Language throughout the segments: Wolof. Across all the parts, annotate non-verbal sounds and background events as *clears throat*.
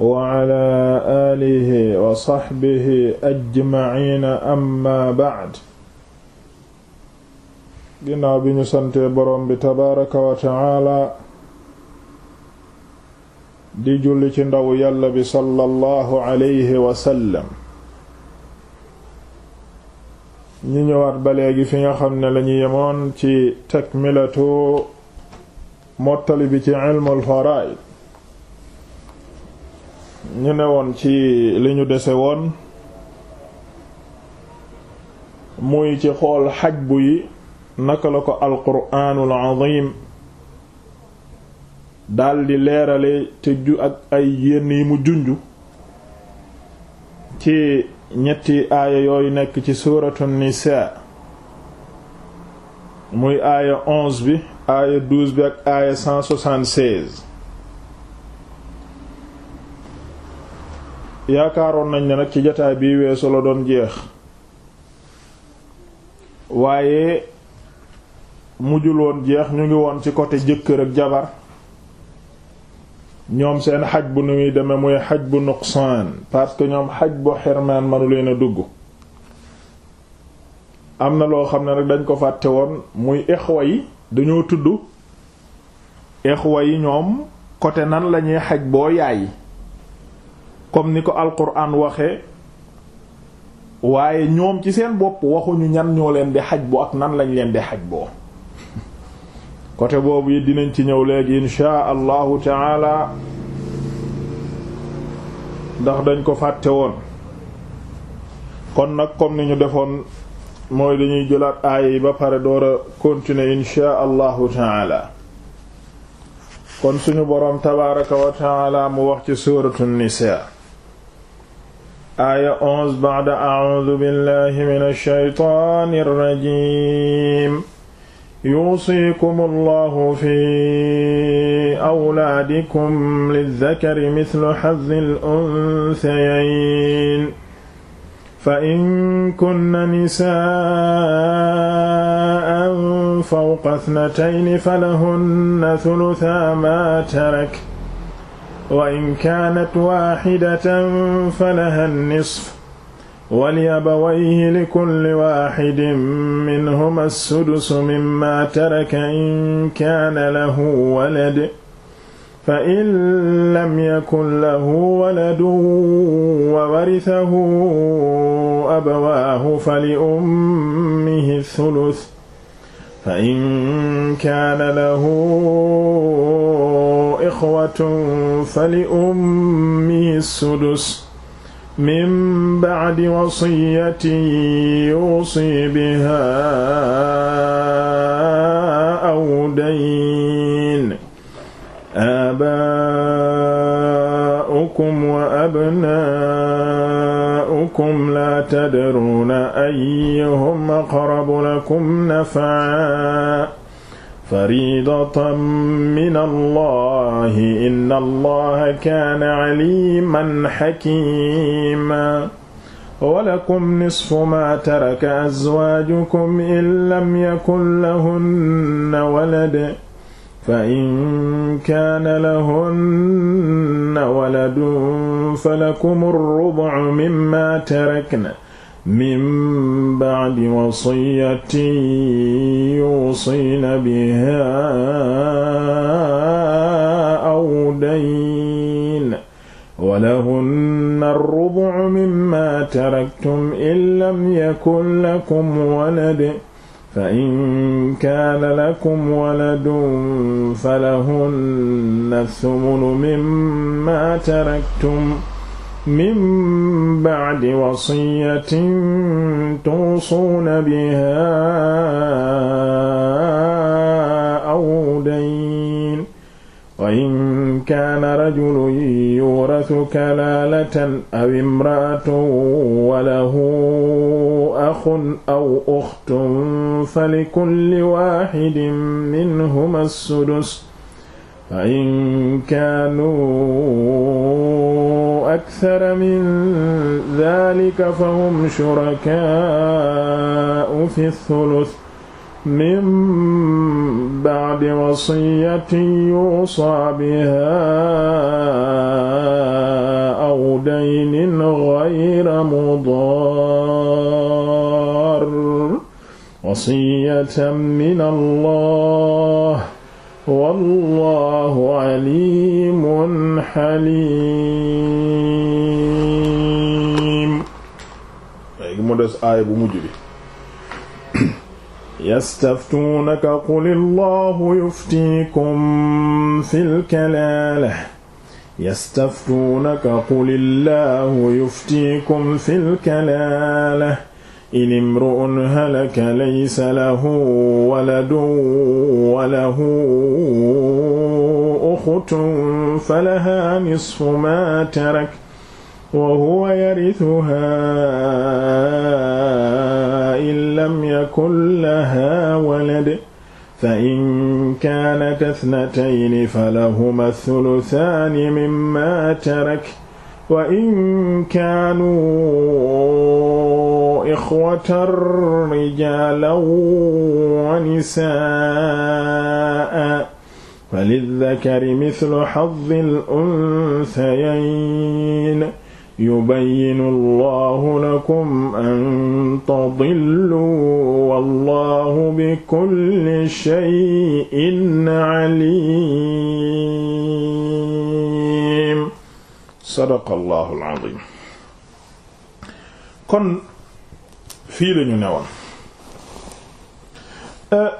wa ala aalihi wa saxbihi ajmaciina amma bacd ginnaaw bi ñu santee boroom bi tabaaraka wa di julli ci ndawu yàlla bi sallallahu alayhi wa sallam ñi ñëwaat ba léegi fi nga xam ne lañu yemoon ci takmilatu mottali bi ci cilmul faraa'id ñu ne woon ci li ñu dese woon muy ci xool xajbu yi naka la ko alquraanul azim daldi leerale te ju ak ay yenn yi mu junju ci ñetti aaya yooyu nekk ci suuratu nisaa muy aaya onze bi aaya douze bi ak aaya yaakaaroon nañ ne nag ci jataay bi weesu la doon jeex waaye mu jul woon jeex ñu ngi woon ci côté jëkkër ak jabar ñoom seen xaj bu nu muy demee muy xaj bu nuqsaan parce que ñoom xaj bu xirmaan manu leen a dugg am na loo xam ne nag dañ ko fàtte woon muy exwa yi dañoo tudd exwa yi ñoom côté nan lañuy xaj boo yaay comme ni ko alquran waxee waaye ñoom ci seen bopp waxuñu ñan ñoo leen di xaj boo ak nan lañ leen di xaj boo côté boobu it dinañ ci ñëw léegi inshaa allahu taala ndax dañ ko fàtte woon kon nag comme ni ñu defoon mooy dañuy jëlaat aaya yi ba pare door a continuer inshaa allahu taala kon suñu boroom tabaaraka wa taala mu wax ci suuratu nisaa aaya 11 ba'da a'uudu billahi minash shaytaanir rajiim yuusikum allahu fi awlaadikum lizzakari mithlu hazzil unsayayn fa in kunna nisaa'an fawqa ithnatayni falahunna thuluthaa maa wa in kaanat waaxidatan falaha nisf waliyabawayhi likulli waaxidin minhuma sudusu mimma taraka in kaana lahu walad fa in lam yakun lahu waladun wa warisahu abawaahu fali ummihi sulus fa in kaana lahu ixwatun fali ummihi sudus min bacdi wasiyatin yuusi bihaa aw dayn aabaa'ukum wa abnaa'ukum laa tadruuna ayyuhum aqrabu lakum naf'an faridatan min allahi inna allaha kaana aliman xakima walakum nisfu ma taraka azwaajukum in lam yakun lahunna walad fa in kaana lahunna waladun falakum rubu mimma tarakna min ba'di wasiyatin yusiina bihaa aw dayn wa lahunna ar-rubu'u mimmaa taraktum in lam yakun lakum walad فإن كان لكم ولد فلهن الثمن مما تركتم min ba'di wasiyatin tuusuuna bihaa aw dayn wa in kaana rajulun yurathu kalaalatan aw imra'atun wa lahu axun aw uxtun falikulli waaxidin minhumaa as-sudus fa in kaanu akthara min dhalika fa hum shurakaa'u fi thuluth min ba'di wasiyatin yuusaa bihaa aw daynin ghayra mudaar wasiyatan min Allah wallahu alimun xalim léegi mu des aaya bu mujj bi yastaftuunaka quli llahu yuftiikum fil kalaala yastaftuunaka quli llahu yuftiikum fil kalaala in imru'un halaka laysa lahu waladun wa lahu uxtun falaha nisfu ma tarak wa huwa yarithuha in lam yakun laha walad fa in kaanat ithnatayni falahuma thuluthaani mimma tarak wa in kaanu ixwatan rijaalan wa nisaa'an falizzakari mithlu hazzil unsayayni yubayyinu Allahu lakum an tadillu wallahu bikulli shay'in aliim sadaqallahu alazim kon fii lañu newoon euh,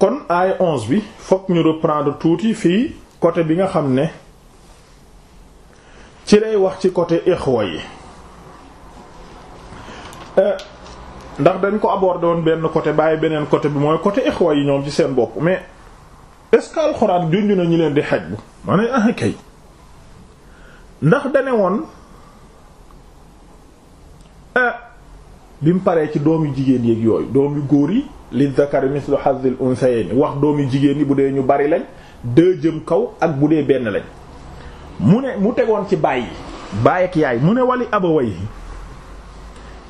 kon aay onze bi fokk ñu reprendre tuuti fii côté bi nga xam ne ci lay wax ci côté ixwa yi euh, ndax dañ ko aborder woon benn côté bàyyi beneen côté bi mooy côté ixwa yi ñoom ci seen bopp mais est-ce que alxuraan junj na ñu leen di xaj bu ma ne ah, kay ndax dane woon ah, bi mu paree ci doomi jigéen yéeg yooyu doomi góor yi li zakari mislu hazzil unsayni wax doomi jigéen yi bu dee ñu bari lañ deux jëm kaw ak bu dee benn lañ mu ne mu tegoon ci baay yi ak yaay mu ne wali abawayhi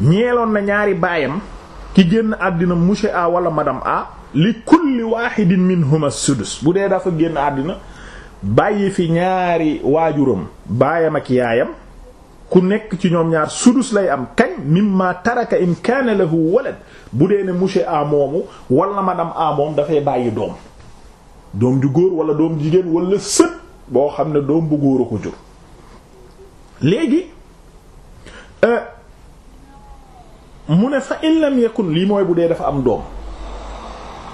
ñeeloon na ñaari baayam ki génn àddina monsieur a wala madame a li kulli wahidin minhuma sudus bu dee dafa génn àddina bàyyi fi ñaari waajuram baayam ak yaayam ku nekk ci ñoom ñaar sudus lay am kañ mimma taraka in kaana lahu walad bu dee ne monsieur a moomu ma madame a moom dafay bàyyi doom doom ju góor wala doom jigéen wala sët boo xam ne doom bu góor a ko jur léegi euh, mu ne fa in lam lii mooy bu dee dafa am doom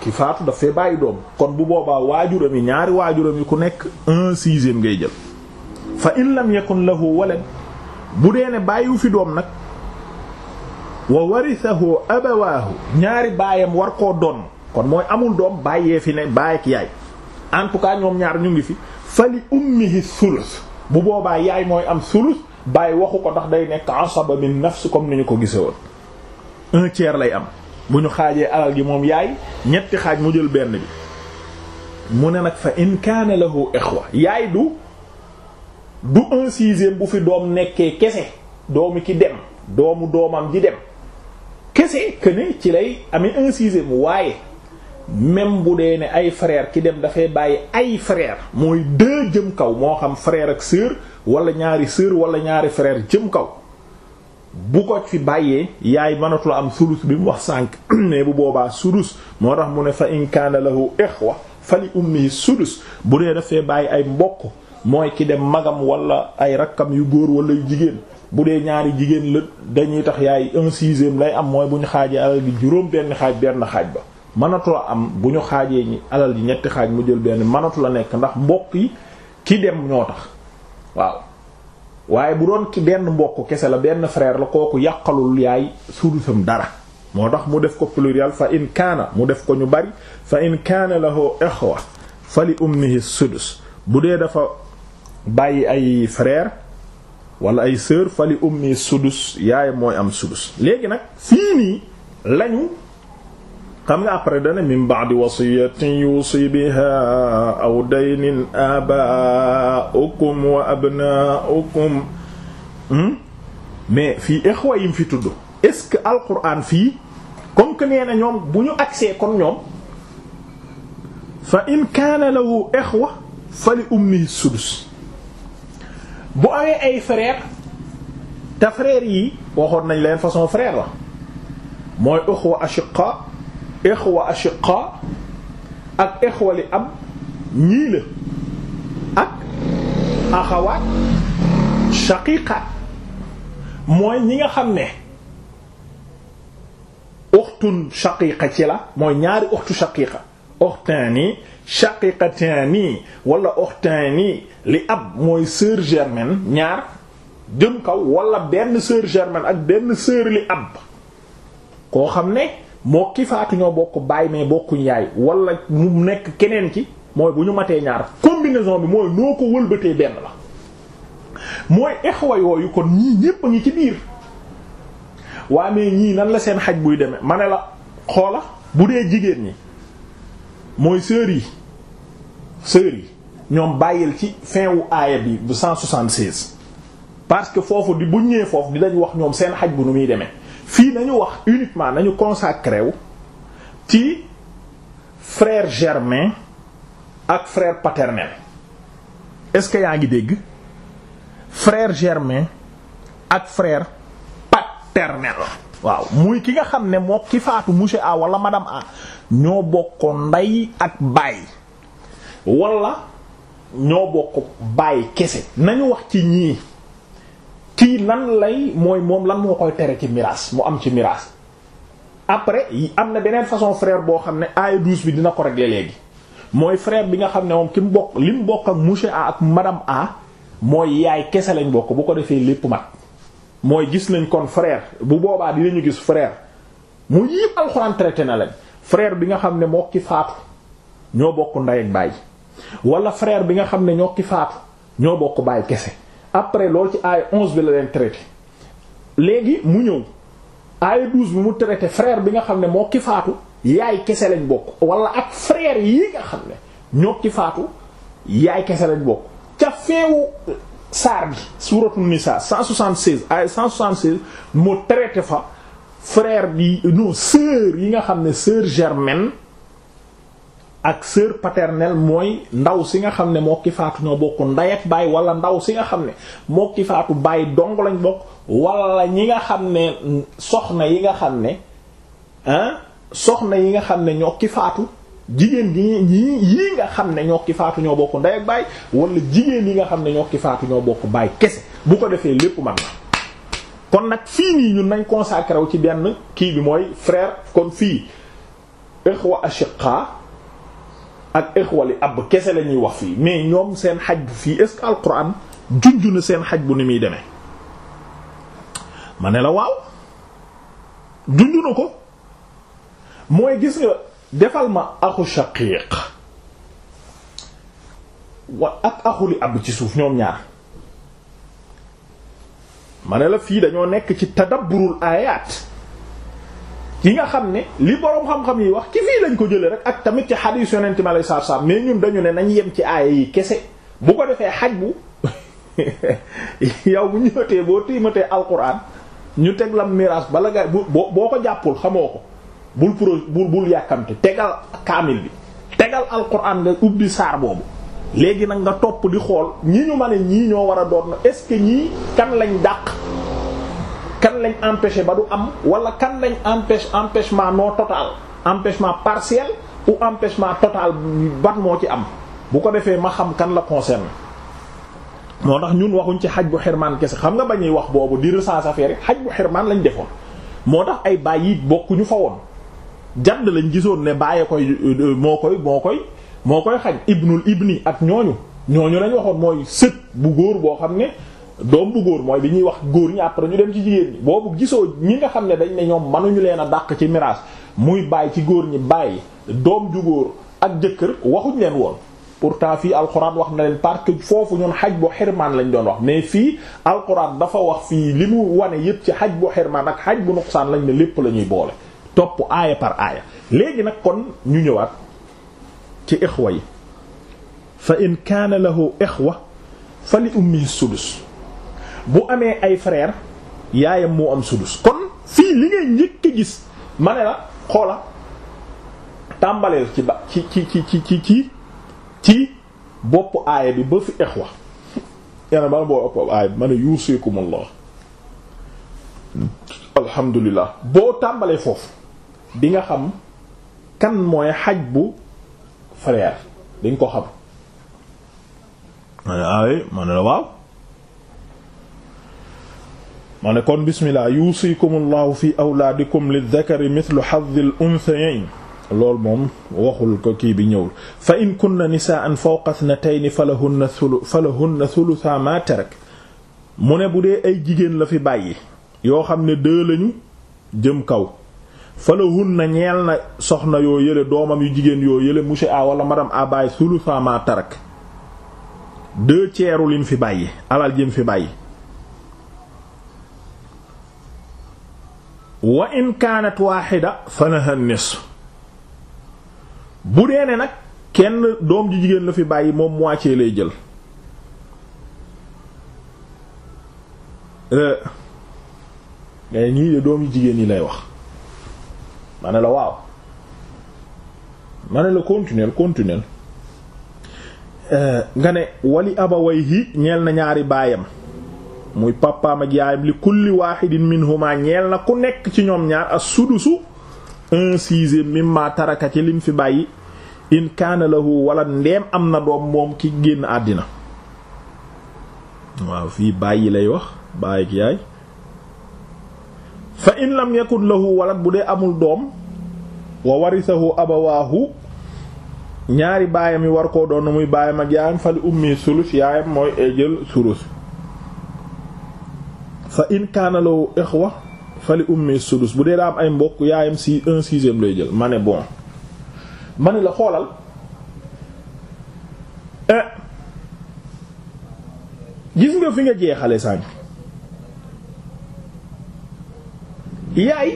ki faatu daf bàyyi doom kon bu boobaa waajuram yi ñaari waajuram yi ku nekk un sixième ngay jël fa in lam yakun lahu walad bu dee ne bàyyiwu fi doom nag wa warithahu abawaahu ñaari baayam war koo doon kon mooy amul doom bàyyee fi ne baay ak yaay en tout cas ñoom ñaar ñu ngi fi fa li ummihi thuluth bu boobaa yaay mooy am thuluth baay waxu ko ndax day nekk asaba min nafs comme ni ñu ko gise woon un tiers lay am bu ñu xaajee alal gi moom yaay ñetti xaaj mu jël benn bi mu ne nag fa in kaana lahu ixwa yaay du du un sixième bu fi doom nekkee kese doomu ki dem doomu doomam ji dem kese que ci lay amee un sixième waaye même bu dee ne ay frère ki dem dafay bàyyi ay frère mooy dë jëm kaw moo xam frère ak sœur wala ñaari sœur wala ñaari frère jëm kaw bu ko fi bàyyee yaay mënatul am sulus bi mu wax sànq *clears throat* mais bu boobaa sudus moo tax mu ne fa inkaane la lahu ixwa fa li ummihi sudus bu dee defee bàyyi ay mbokk mooy ki dem magam walla ay rakkam yu góor wala yu jigéen bu dee ñaari jigéen la dañuy tax yaay un sixième lay am mooy bu ñu xaajee alal bi juróom benn xaaj benn xaaj ba mënatu am bu ñu xaajee ñi alal yi ñetti xaaj mu jël benn mënatu la nekk ndax mbokk yi ki dem ñoo tax waaw waaye bu doon ki benn mbokk kese la benn frère la kooku yàqalul yaay sulusam dara moo tax mu def ko pluriel fa in kaana mu def ko ñu bari fa in kaana lahu ixwa fa li ummihi bu dee dafa bàyyi ay frère wala ay sœur fa li ummi sudus yaay mooy am sudus léegi nag fii nii lañu xam nga après dana min ba'di wasiyatin yusi biha aw daynin aba'ukum wa abna'ukum hmm? mais fii exwa yim fi tudd est-ce que alquran fii comme que na ñoom bu ñu agsee kon ñoom fa in kaana lahu exwa fa li ummi sudus bu amee ay frère te frère yi waxoon nañ leen façon frère la mooy exwa ashiqa ixwa ashiqa ak ixwa li am ñii la ak axawaat shaqiqaat mooy ñi nga xam ne uxtun shaqiqa ci la mooy ñaari uxtu shaqiqa uxtaani shaqiqataani wala uxtaani li ab mooy sœur germaine ñaar jëm kaw walla benn sœur germaine ak benn sœur li ab koo xam ne moo ki faatu ñoo bokk baay mais bokkuñ yaay wala mu nekk keneen ci mooy bu ñu matee ñaar combinaison bi mooy noo ko wëlbatee benn la mooy exwa yooyu kon ñii ñépp a ngi ci biir waa mais ñii nan la seen xaj buy deme mane la xoola bu dee jigéen ñi mooy sœurs yi sœurs yi ñoom bàyyil ci fin wu aaya bi bu 176 parce que foofu di buñ ñëwee foofu di dañ wax ñoom seen xaj bu nu muy demee fii nañu wax uniquement nañu consacré wu ci frère germain ak frère paternel est-ce que yaa ngi dégg frère germain ak frère paternel waaw muy ki nga xam ne moo ki faatu monsieur A wala madame A ñoo bokk nday ak baay wala ñoo bokk baay kese nañu wax ci ñii lii nan lay mooy moom lan moo koy tere ci miraas mu am ci miraas après am na beneen façon frère boo xam ne aaya douze bi dina ko régler léegi mooy frère bi nga xam ne moom ki mu bokk li mu bokk ak monsieur A ak madame A mooy yaay kese lañ bokk bu ko defee lépp mat mooy gis nañ kon frère bu boobaa dinañu gis frère mu yépp alxuraan traité na lañ frère bi nga xam ne moo ki faatu ñoo bokk ndey ak baay wala frère bi nga xam ne ñoo ki faatu ñoo bokk baay kese. après loolu ci aaya onze bi la leen traité léegi mu ñëw aaya douze bi mu traité frère bi nga xam ne moo ki faatu yaay kese lañ bokk wala ak frère yi nga xam ne ñokki ki faatu yaay kese lañ bokk ca feewu euh, saar bi suuratu Nisaa cent ay 176 mu traité fa frère bi non sœur yi nga xam ne sœur germaine ak sœur paternelle mooy ndaw si nga xam ne moo ki faatu ñoo bokk ndey ak baay wala ndaw si nga xam ne moo faatu baay dong lañ bokk wala ñi nga xam ne soxna yi nga xam ne ah soxna yi nga xam ne ñoo ki faatu jigéen gi yi xam ne ñoo ki faatu bokk ndey ak baay wala jigéen yi nga xam ne ñoo ki faatu ñoo bokk baay kese bu ko defee lépp man la kon nag fii nii ñun nañ consacré wu ci benn kii bi mooy frère kon fii ikhwa ashiqa ak ixwali ab kese lañuy wax fii mais ñoom seen xaj bu fii est-ce que alquran junj seen xaj bu ni muy demee ma ne la waaw junj na ko mooy gis nga defal ma axu shaqiiq wa ak axuli ab ci suuf ñoom ñaar ma ne la fii dañoo nekk ci tadabburul aayaat ki nga xam ne li boroom xam-xam yi wax ci fii lañ ko jëlee rek ak tamit ci xadiis yonent mi alayhi salaatu salaam mais ñun dañu ne nañ yem ci aaya yi kese bu ko defee xaj bu *laughs* yow bu ñëwatee boo tiimatee alquran ñu teg la miraas bala nga boo boo ko jàppul xamoo ko bul pro bul bul yàkkamte tegal kaamil bi tegal alquran nga ubbi saar boobu léegi nag nga topp di xool ñi ñu ma ne ñii ñoo war a doon est-ce que ñii kan lañ dàq kan lañ empêché ba du am wala kan lañ empêche empêchement noo total empêchement partiel ou empêchement total ban moo ci am bu ko defee ma xam kan la concerne moo tax ñun waxuñ ci xaj bu xirmaan kese xam nga ba ñuy wax boobu di recense affaire yi xaj bu xirmaan lañ defoon moo tax ay bàyyi bokkuñu fa woon jadd lañ gisoon ne bàyyee koy moo koy moo koy moo koy xaj ibnul ibni ak ñooñu ñooñu lañ waxoon mooy sët bu góor boo xam ne doom bu góor mooy bi ñuy wax góor ñi après ñu dem ci jigéen ñi boobu gisoo ñi nga xam ne dañ ne ñoom mënuñu leen a dàq ci miraas muy bàyyi ci góor ñi bàyyi doom ju góor ak jëkkër waxuñ leen woon pourtant fii alxuraan wax na leen parce que foofu ñun xaj bu xirmaan lañ doon wax mais fii alxuraan dafa wax fii li mu wane yépp ci xaj bu xirmaan ak xaj bu nuqsaan lañ ne lépp la ñuy boole topp aaya par aaya léegi nag kon ñu ñëwaat ci ixwa yi fa in kaana lahu ixwa fa li ummi sudus bu amee ay frère yaayam moo am sudus kon fii li ngay njëkk a gis ma ne la xoola tàmbaleel ci ba ci ci ci ci ci ci ci boppu aaya bi ba fi ixwa yàlla bala boo ëpp aaya bi ma ne yuusikumullah alhamdulilah boo tàmbalee foofu di nga xam kan mooy xaj bu frère dañ ko xam ma ne aay ma ne la waaw ma ne kon bismillah yuusikumullahu fi awlaadikum lidhakari mithlu hazzil unthayayn loolu moom waxul ko kii bi ñëwul fa in kunna tey fawqa ithnatayni falahunna thulu falahunna thulutha ma rek mu ne bu dee ay jigéen la fi bàyyi yoo xam ne deux lañu jëm kaw falahunna ñeel na soxna yoo yële doomam yu jigéen yoo yële monsieur a wala madame a bàyyi thulutha ma tarak deux tiers fi bàyyi alal jëm fi bàyyi wa in kaanat waaxida falaha nisf bu dee ne nag kenn doom ji jigéen la fi bàyyi moom moitié lay jël ngay euh, ñii de doom yu jigéen yi lay wax ma la waaw ma ne la continuel continuel euh, nga ne wali abawayhi ñeel na ñaari baayam muy papaam ak yaayam li kulli wahidin minhuma ñeel na ku nekk ci ñoom ñaar as sudusu un sixième mimma taraka ci lim fi bàyyi in kaana lahu wala ndeem am na doom moom ki génn àddina waaw fii bàyyi lay wax bàyyi ak yaay fa in lam yakun lahu walad bu dee amul doom wa warisahu abawaahu ñaari baayam yi war koo doon na muy baayam ak yaayam fa li ummi sulus yaayam mooy e jël sulus fa in kaana lahu ixwa fa li ummi sudus bu dee daa am ay mbokk yaayam si un sixième lay jël ma ne bon ma ne la xoolal eh. gis nga fi nga jeexale sànk yaay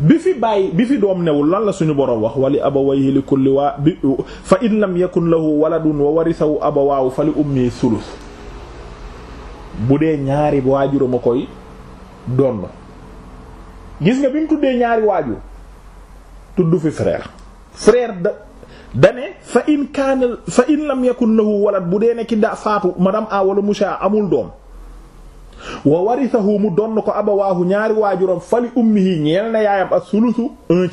bi fi bàyyi bi fi doom newul lan la suñu boroom wax wali abawayhi li kulli waa bi fa in lam yakun lahu waladun wa warisahu abawaahu fa li ummi sulus bu dee ñaari waajur ma koy donn gis nga bi mu tuddee ñaari waajur tudd fi frère frère da dane fa in kaana fa in lam yakun lahu walad bu dee ne ki da faatu madame a wala monsieur a amul doom wa warithahu mu donn ko abawaahu ñaari waajuram fali ummihi ñeel na yaayam ak sulusu un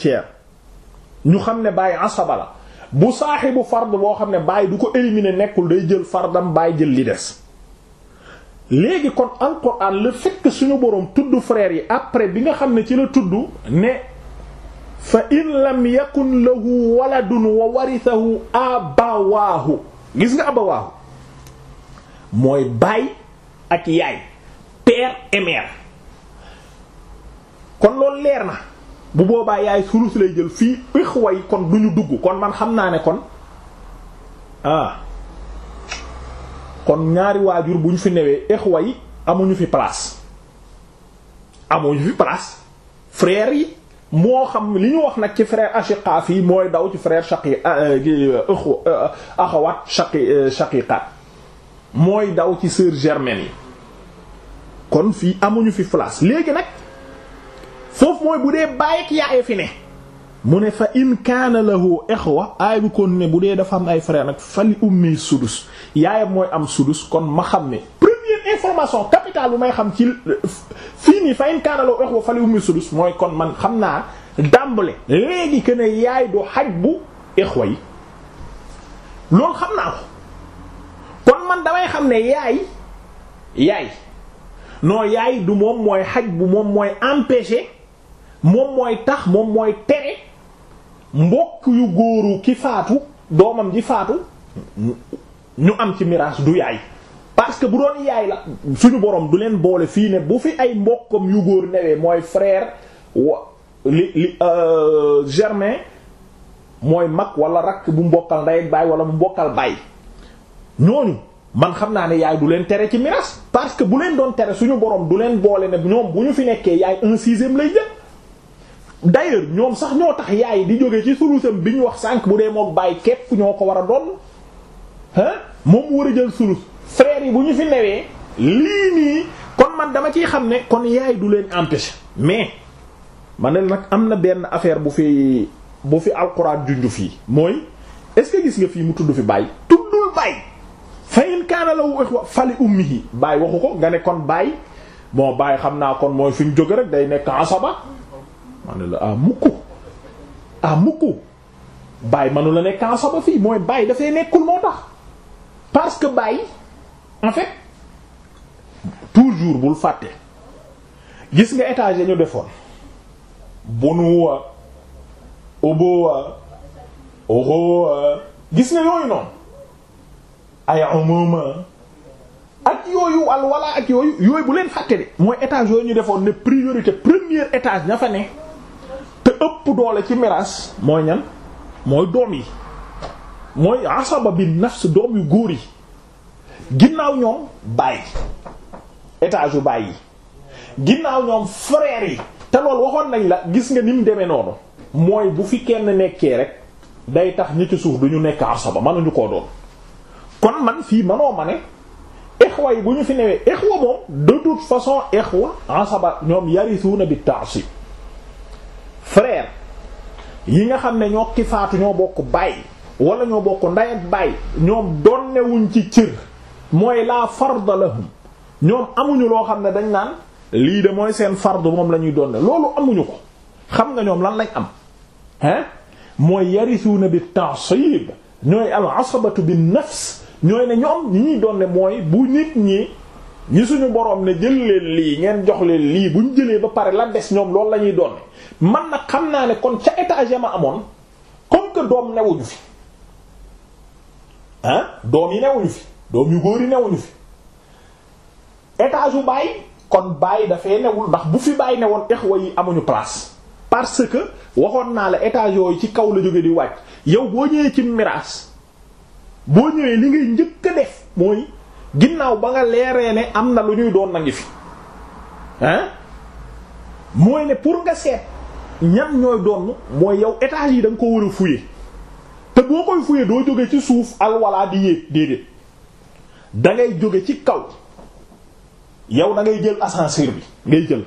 ñu xam ne bàyyi asaba la bu saaxibu fard boo xam ne bàyyi du ko éliminer nekkul day jël fardam bàyyi jël li des léegi kon alquran le fait que suñu boroom tudd frère yi après bi nga xam ne ci la tudd ne fa in lam yakun lahu waladun wa warithahu abawaahu gis nga abawaahu mooy baay ak yaay père et kon loolu leer na bu boobaa yaay sulus lay jël fii ixwa yi kon duñu dugg kon man xam naa ne kon ah kon ñaari waajur bu ñu fi newee exwa yi amuñu fi place amuñu fi place frère yi moo xam li ñu wax nag ci frère ashiqaaf fii mooy daw ci frère shaqi exwa euh, euh, euh, axawaat shaqi mooy daw ci sœur germaine yi kon fii amuñu fi place léegi nag foofu mooy bu dee baay ak yaay fi ne mu ne fa in kaana lahu ixwa aay bi ne bu dee dafa am ay frère nag fali ummi sudus yaayam mooy am sudus kon ma xam ne première information capitale bu may xam ci fii nii fa in kaana lahu fali ummi sudus mooy kon man xam naa dàmbale léegi que ne yaay du xaj bu ixwa yi loolu xam naa ko kon man damay xam ne yaay yaay non yaay du moom mooy xaj bu moom mooy empêcher moom mooy tax moom mooy tere mbokk yu góoru ki faatu doomam ji faatu ñu am ci miraas du yaay parce que bu doon yaay la suñu borom du leen boole fii ne bu fi ay mbokkam yu góor newee mooy frère wa li euh, mooy mag wala rakk bu mbokkal ndey baay wala bu mbokkal baay ñooñu man xam naa ne yaay du leen tere ci miraas parce que bu leen doon tere suñu borom du leen boole ne ñoom bu ñu fi nekkee yaay un sixième lay jël d'ailleurs ñoom sax ñoo tax yaay di jóge ci sulusam bi ñu wax sànq bu dee mook bàyyi képp ñoo ko war a doon ah moom war a jël sulus frères yi bu ñu fi newee lii nii kon man dama ci xam ne kon yaay du leen empêcher mais man ne nag am na benn affaire bu fi bu fi alxuraan junju fii mooy est-ce que gis nga fii mu tudd fi bàyyi tuddul bàyyi fa in kaana lahu ikhwa fali ummihi bàyyi waxu ko nga ne kon bàyyi bon bàyyi xam naa kon mooy fi mu jóge rek day nekk asaba ma ne la ah mukk ah mukk baay manu la nekk en soba fii mooy baay dafay nekkul moo tax parce que baay en fait toujours bul fàtte gis nga étage ñu defoon bunuwa ubuwa uxuwa gis nga yooyu noonu ay umuma ak yooyu al wala ak yooyu yooyu bu leen fàtte de mooy étage yooyu ñu defoon ne priorité premier étage ña fa ne te ëpp doole ci miraas mooy ñan mooy doom yi mooy asaba bi si doom yu góor yi ginnaaw ñoom baay étage yu baay ginnaaw ñoom frère yi te loolu waxoon nañ la gis nga ni mu demee noonu mooy bu fi kenn nekkee rek day tax ñi ci suuf du ñu nekk asaba mënuñu koo doon kon man fii manoo ma ne exwa yi bu ñu fi newee exwa moom de toute façon exwa asaba ñoom yarisuuna bi ta'sib frère yi nga xam ne ñoo ki faatu ñoo bokk baay wala ñoo bokk ndey ak baay ñoom donnewuñ ci cër mooy laa fard lahum ñoom amuñu loo xam ne dañ naan lii de mooy seen fard moom la ñuy donne loolu amuñu ko xam nga ñoom lan lañ am hein mooy yarisuuna bi ta'sib ñooy al asabatu bi nafs ñooy ne ñoom ñuy donne mooy bu nit ñi ñi suñu boroom ne jël leen lii ngeen jox leen lii bu ñu jëlee ba pare la des ñoom loolu lañuy doon man nag xam naa ne kon ca étage ma amoon comme que doom newuñu fi ah doom yi fi doom yu góor yi newuñu fi étage bu bàyyi kon bàyyi dafay newul ndax bu fi bàyyi newoon exwa yi amuñu place parce que waxoon naa la étage yooyu ci kaw la jóge di wàcc yow boo ñëwee ci miraas boo ñëwee li ngay njëkk a def mooy. ginnaaw ba nga leeree ne am na lu ñuy doon nangi fi hein mooy ne pour nga seet ñan ñooy doon mooy yow étage yi da ko war a fouiller te boo koy fouiller doo jóge ci suuf alwalaa di yéeg déedéet da ngay jóge ci kaw yow dangay jël ascenseur bi ngay jël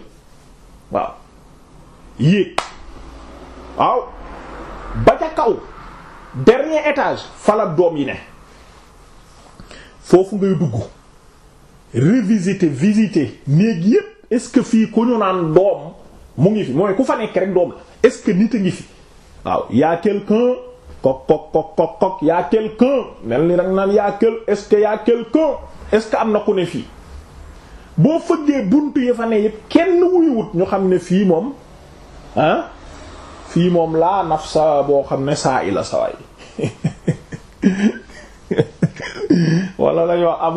waaw yéeg waaw ba ca kaw dernier étage fala doom yi ne foofu ngay dugg revisiter visiter néeg yépp est-ce que fii ku ñu naan doom mu ngi fi mooy ku fa nekk rek doom la est-ce que nit a ngi fi waaw y'a quelqu'un kok kok kok kok kok y'a mel ni rek naan y'a quel est am na ku ne fii boo fëggee buntu yi fa ne yépp kenn wuyuwut ñu xam ne fii moom ah fii moom laa naf sa boo xam ne saa ila sawaay *laughs* *laughs* walla dañoo am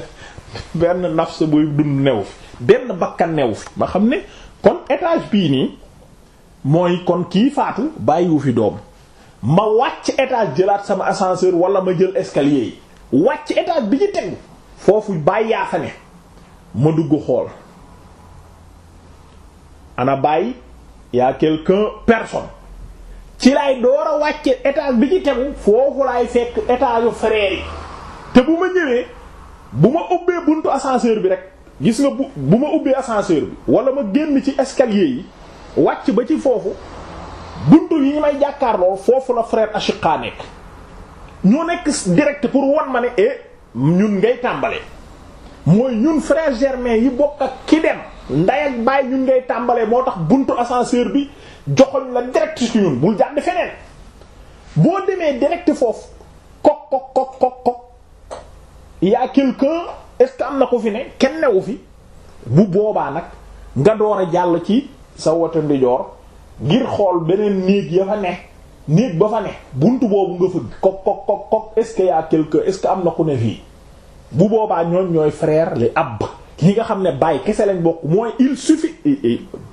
*laughs* benn nafs buy dund new fi benn bakkan new fi ma xam ne kon étage bii nii mooy kon kii faatu bàyyiwu fi doom ma wàcc étage jëlaat sama ascenseur wala ma jël escalier yi wàcc étage bi ci tegu foofu bàyyi yaa fa ne ma dugg xool ana bàyyi y'a quelqu'un personne ci laay door a wàcce étage bi ci tegu foofu laay fekk étage frère yi te bu ma ñëwee bu ma ubbee buntu ascenseur bi rek gis nga bu bu ma ubbee ascenseur bi wala ma génn ci escalier yi wàcc ba ci foofu bunt yi may jàkkaarloo foofu la frère Achiqa nekk ñoo nekk direct pour won ma ne e ñun ngay tàmbale mooy ñun frère germain yi bokk ak ki dem nday ak baay ñun ngay tàmbalee moo tax buntu ascenseur bi joxoñ la direct ci ñun bul jàdd feneen boo demee direct foofu kok kok kok kok kok y'a quelqu'un est-ce que am na ko fi ne kenn newu fi bu boobaa nag nga door a jàll ci sa wote ndijoor ngir xool beneen néeg ya fa ne néeg ba fa ne buntu boobu nga fëgg kok kok kok kok est-ce que am na ku ne fii bu boobaa ñoom ñooy frère li ab ñi nga xam ne bàyyi kese lañ bokk mooy il suffit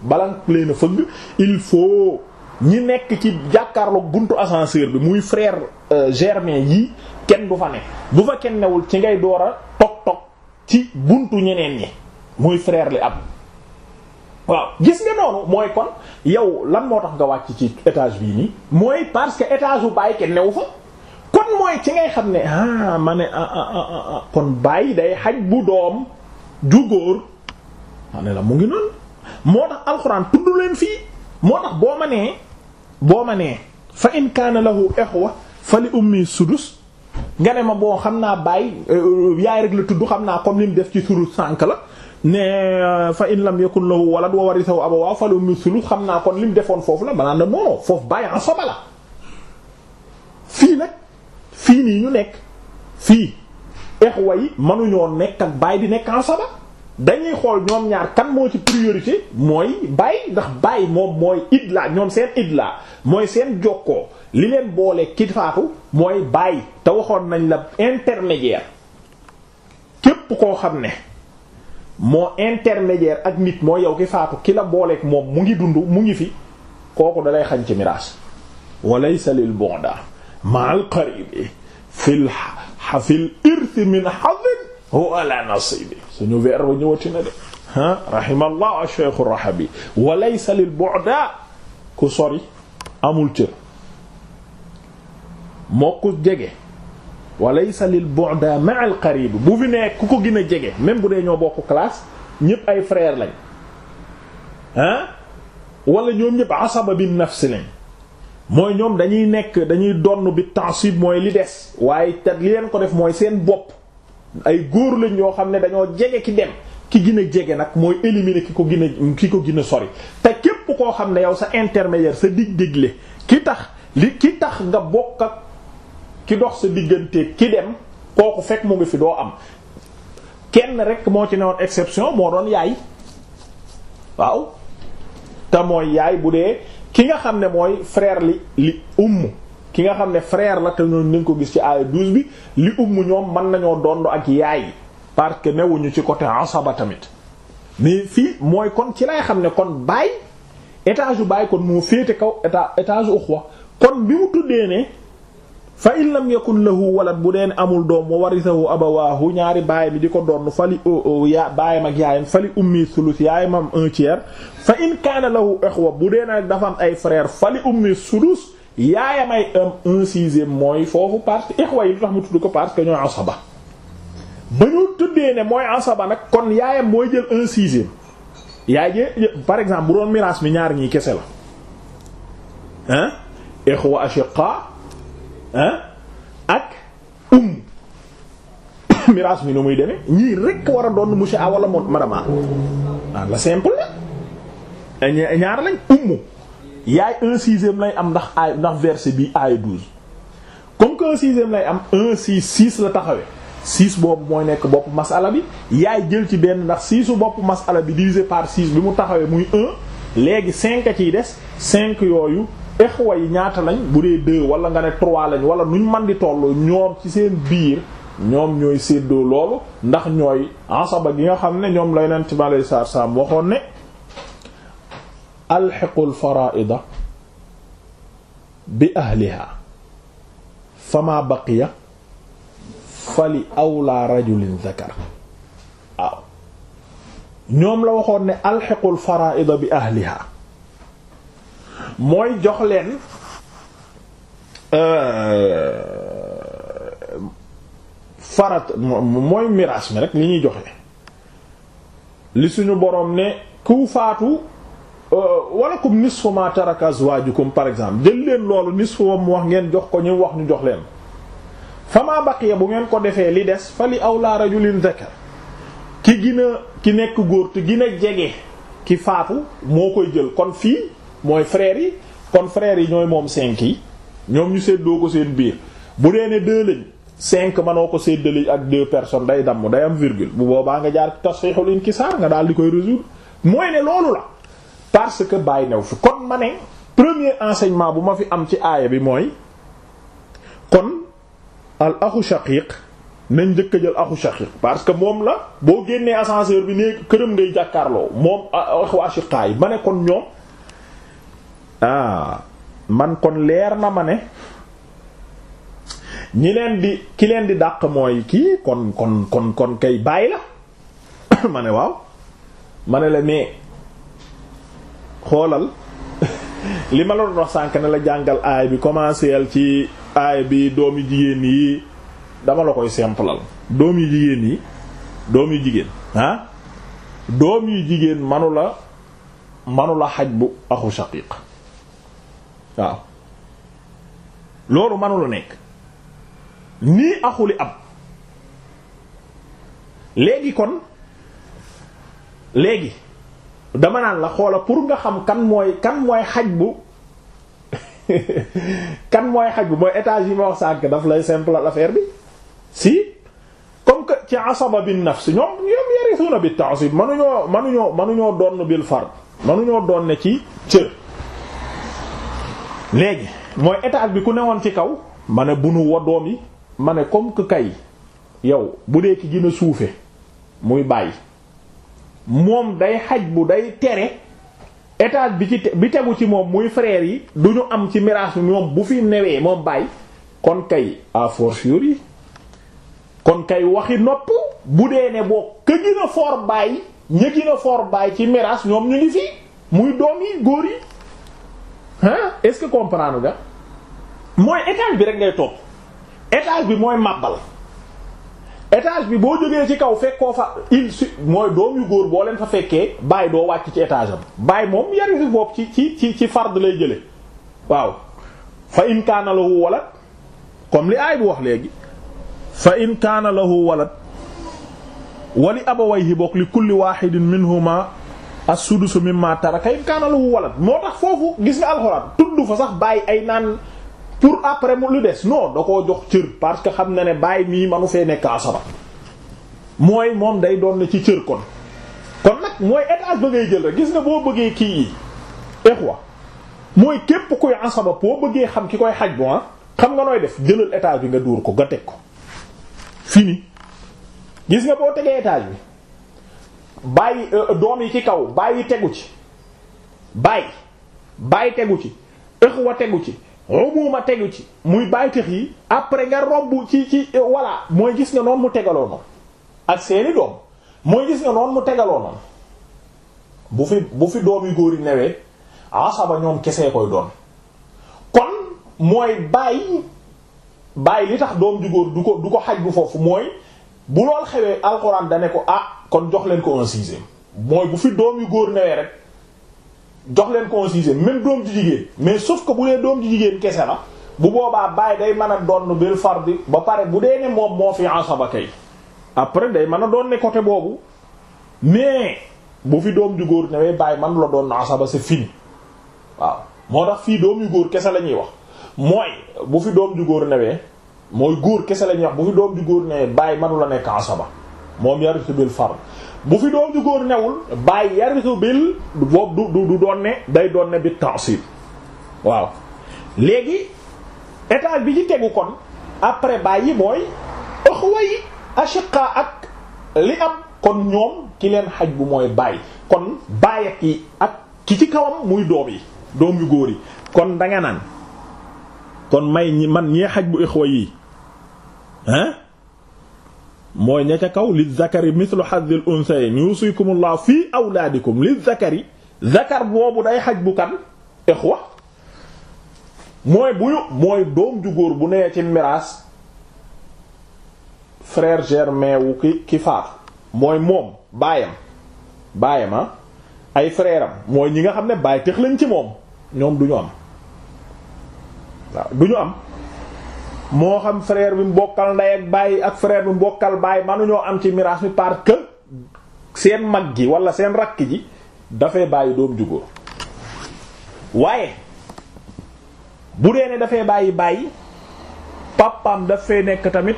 balan leen na fëgg il faut ñi nekk ci jàkkaarlook buntu ascenseur bi muy frère euh, germain yi kenn du fa ne bu fa kenn newul ci ngay door a tog tog ci buntu ñeneen ñi muy frère li am waaw gis nga noonu mooy kon yow lan moo tax nga wàcc ci étage bii nii mooy parce que étage bu bàyyi kenn newu fa kon mooy ci ngay xam ne ah ma ne ah ah ah, ah, ah kon bàyyi day xaj bu doom ju góor ne la mu ngi noonu moo tax alxuraan tudd leen fii moo tax boo ma nee boo ma nee fa in kaana lahu ixwa fa li ummi sudus nga ne ma boo xam naa baay euh, yaay rek la tudd xam naa comme lim def ci suru sànk la ne euh, fa in lam yakun lahu walad wa warisahu abawaahu fa li ummi sulus xam naa kon lim defoon foofu la maanaam ne non foofu baay asaba la fii nag fii nii ñu nekk fii exwa yi mënuñoo nekk ak baay di nekk en saba dañuy xool ñoom ñaar kan moo ci priorité mooy baay ndax baay moom mooy idla ñoom seen idla mooy seen jokkoo li leen boole ki faatu mooy baay te waxoon nañ la intermédiaire képp koo xam ne moo intermédiaire ak nit mooy yow ki faatu ki la booleeg moom mu ngi dund mu ngi fi kooku dalay xañ ci miraas walaysa lil bonda ma al qaribi xafil irti min xadin huwa ala nasibi suñu weer wa ñëwati na de ah rahimallah ash-shaykh ar-rahabi wa laysa lil bu'da ku sori amul cër moo ku jege wa laysa lil bu'da ma'a al bu fi ku ko gën a jege même bu dee ñoo bokk classe ñëpp ay frère lañ ah wala ñoom ñëpp asaba bin nafsi lañ mooy ñoom dañuy nekk dañuy donn bi tansib mooy li des waaye te li leen ko def mooy seen bopp ay góor lañ yoo xam ne dañoo jege ki dem ki gën a jege nag mooy éliminer ki ko gën ki ko gën a sori te képp koo xam ne yow sa intermédiaire sa dig digle ki tax li ki tax nga bokk ak ki dox sa diggante ki dem kooku fekk mu ngi fi doo am kenn rek moo ci newoon exception moo doon yaay waaw te mooy yaay bu dee ki nga xam ne mooy frair li li umm ki nga xam ne frère la te ñoom nañ ko gis ci aaya 12 bi li umm ñoom mën nañoo doon ak yaay parce que newuñu ci côté asaba tamit mais fii mooy kon ci lay xam ne kon baay étage u baay kon moo féete kaw étage étage uxwa kon bi mu tuddee ne fa in lam yakun lahu walad bu deen amul doom wa warisahu abawaahu ñaari baayam di ko donn fali oh, oh, ya baayam ak yaayam fa in kaana bu deen dafa am ay frère fali ummi sulus yaayam ay am un sixième mooy foofu parce que ixwa yi lu tax mu tudd ko parce que ñooy asaba ba ñu tuddee ne mooy asaba nag kon yaayam mooy jël un sixième yaay jee par exemple bu doon miraas mi ñaar ñi kese la hein ixwa ashiqa ak um *coughs* miraas mi nu muy demee ñii rekk war a doon monsieur A wala madame A ah la simple la ñaar lañ umm yaay un lay am ndax ay ndax verse bi ay douze comme que un lay am un six six la taxawee six boobu mooy nekk bopp masala bi yaay jël ci benn ndax sixu bopp masala bi divisé par six bi mu taxawee muy un léegi cinq a ciy des cinq yooyu exwa yi ñaata lañ bu dee deux wala nga ne trois lañ wala nuñ man di toll ñoom ci seen biir ñoom ñooy séddoo loolu ndax ñooy asaba gi nga xam ne ñoom la yonent bi alayhi salaatu salaam waxoon ne alxiqul faraa'ida bi ahliha fama baqiya fali awla rajulin zakar waaw ñoom la waxoon ne alxiqul faraa'ida bi ahliha mooy jox leen euh, farat mooy miraas mi rek li ñuy joxe li suñu boroom ne ku faatu euh, walakum nisfu ma taraka azwajukum par exemple jël leen loolu nisfu wam wax ngeen jox ko ñu wax ñu jox leen fama baqiya bu ngeen ko defee li des fa li awla rajulin dhakar ki gina ki nekk góor te gina jege ki faatu moo koy jël kon fii mooy freer yi kon frères yi ñooy moom cinq yi ñoom ñu séddoo ko seen biir bu dee ne deux lañ cinq mënoo ko séddale ak deux personnes day damm day am virgule bu boobaa nga jaar tasxiixul inkisaar nga daal di koy résoudre mooy ne loolu la parce que bàyyi new fi kon ma ne premier enseignement bu ma fi am ci aaya bi mooy kon al axu shaqiq nañ njëkk a jël axu shaqiq parce que moom la boo génnee ascenseur bi ne këram ngay jàkkaarloo moom axu ashiqaay yi ba kon ñoom Ah, man kon leer na ma ne ñi leen di ki leen di dàq mooy kii kon kon kon kon kay bàyyi la *coughs* ma ne waaw ma ne la mais xoolal *laughs* li ma la doon wax sànk ne la jàngal aay bi al ci aay bi doom doomi jigéen yi dama la koy simplal doom yu jigéen yi doom yu jigéen ah doom yu jigéen manu la manu la xaj bu axu shaqiq waaw loolu mënula nekk nii axuli ab léegi kon léegi dama naan la xoola pour nga xam kan mooy kan mooy xaj bu *laughs* kan mooy xaj bu mooy étage yi ma wax sànk daf lay simple l'affaire bi si comme que ci asaba bi si ñoom ñoom yarisuna bi ta'sib manuñoo manuñoo manuñoo doon bil fard manuñoo doon ne ci cër léegi mooy étage bi ku newoon ci kaw ma ne bu nu woddoom yi ma ne comme que kay yow bu dee ki gën a suufe muy bàyyi moom day xaj bu day tere étage bi ci bi tegu ci moom muy frère yi du ñu am ci miraas ñoom bu fi newee moom bàyyi kon kay à fortiori kon kay waxi nopp bu dee ne boo ka gën a foor bàyyi ña gën foor bàyyi ci miraas ñoom ñu ngi fi muy doom yi góor yi ah est-ce que comprendre nga mooy étage bi rek ngay topp étage bi mooy màbbal étage bi boo jógee ci kaw fekkoo fa il su mooy doom yu góor boo leen fa fekkee bàyyi doo wàcc ci étage am bàyyi moom yari si ci ci ci ci fard lay jële waaw fa in kaana lahu walad comme li aay bu wax léegi fa in kaana lahu walad wali abawayhi bokk li kulli wahidin minhuma as-sudusu mimma taraka in kaana lahu walad moo tax foofu gis nga alxuraan tudd fa sax bàyyi ay naan pour après mu lu des non da koo jox cër parce que xam na ne bàyyi mii manu fee nekk asaba mooy moom day doon na ci cër kon kon nag mooy étage ba ngay jël rek gis nga boo bëggee kii yi exwa mooy képp kuy asaba boo bëggee xam ki koy xaj bu ah xam nga nooy def jëlal étage bi nga duur ko nga teg ko fini gis nga boo tegee étage bi bàyyi euh, doom yi ci kaw bàyyi tegu ci bàyyi bàyyi tegu ci ëxwa tegu ci umuma tegu ci muy bàyyi tëx yi après nga robb ci ci voilà mooy gis nga noonu mu tegaloo noonu ak seeni doom mooy gis nga noonu mu tegaloo noonu bu fi bu fi doom yu góor yi newee asaba ñoom kesee koy doon kon mooy bàyyi bàyyi li tax doom ju du ko du ko xaj bu foofu mooy bu lool xewee alxuraan da ne ko ah kon jox leen ko un mooy bu fi doom yu góor newee rek jox leen ko un sixième doom ji jigéen mais sauf que bu dee doom ji jigéen kese la bu boobaa baay day mën a donn bil fardi ba pare bu dee ne moom moo fi ba kay après day mën a doon ne côté boobu mais bu fi doom ju góor newee baay man la doon asaba c'est fini waaw moo tax fii doom yu góor kese la ñuy wax mooy bu fi doom ju góor newee mooy góor kese lañuy wax bu fi doom ju góor ne baay manu la nekk asaba moom yaritu bil fard bu fi doom ju góor newul baay yaritu bil boobu du doon ne day doon ne bi ta'sib waaw léegi étage bi ci tegu kon après baay yi mooy axwa yi ashiqa ak li am kon ñoom ki leen xaj bu mooy baay kon baay ak yi ak ki ci kawam muy doom yi doom yu góor yi kon danga naan kon may ñi man ñee xaj bu ixwa yi hein mooy ña ca kaw li zakari mithlu hazzil unsayayn yusikumullahu fii awlaadikum li zakari zakar boobu day xaj bu kan ixwa mooy bu mooy doom ju bu nee ci miraas frère germain wu ki ki faatu mooy moom baayam baayam ah ay freram am mooy ñi nga xam ne baay tëx lañ ci moom ñoom du ñu am waaw du ñu am moo xam frère bi mu bokkal ndey ak baay ak frère bi mu bokkal baay manuñoo am ci miraas mi parce que seen mag ji wala seen rakk ji dafay bàyyi doom ju góor waaye bu dee ne bàyyi bàyyi papaam dafay nekk tamit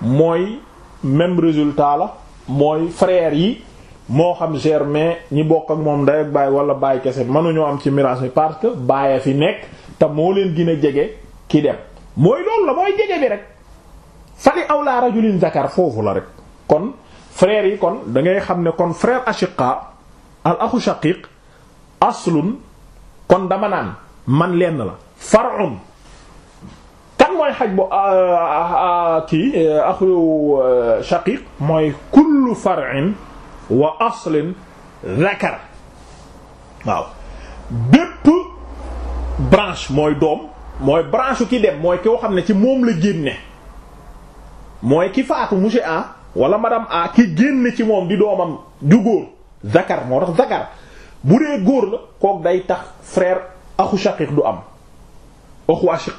mooy même résultat la mooy frère yi moo xam germain ñi bokk ak moom ndey ak wala baay kese mënuñoo am ci miraas mi parce que baay a fi nekk te moo leen gin a jege ki dem. mooy loolu la mooy jege bi rek fali awla rajulin zakar foofu la rek kon frères yi kon da xam ne kon frère ashiqa al axu shaqiq aslun kon dama naan man lenn la far'un kan mooy xaj bo ah, ah, kii eh, shaqiq mooy kullu far'in wa aslin zakar waaw bépp mooy doom mooy branche ki dem mooy koo xam ne ci moom la génne mooy ki faatu monsieur A wala madame A ki génne ci moom di doomam ju góor zakar moo tax zakar bu dee góor la kook day tax frère axu shaqiq du am axu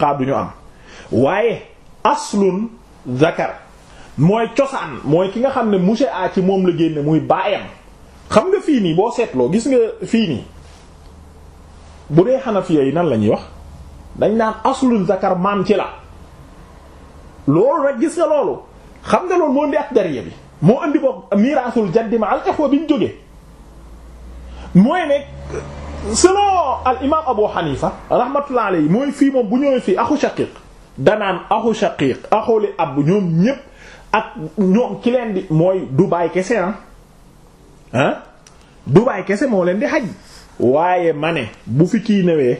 waaye aslun zakar mooy cosaan mooy ki nga xam ne monsieur A ci moom la génne muy baayam xam nga fii nii boo seetloo gis nga fii nii bu dee xanafiya yi nan la ñuy wax dañ naan aslul zakar maam ci la loolu rek gis nga loolu xam nga loolu moo indi ak dariya bi moo indi boobu miraasul jaddi ma al bi ñu jógee mooy ne selon al imam abu hanifa rahmatullah alayhi mooy fii moom bu ñëwee fi aku shaqiq danaan axu shaqiq axuli ab ñoom ñépp ak ñoom ki leen di mooy du baay kese ah ah kese moo leen di xaj waaye ma ne bu fi kii newee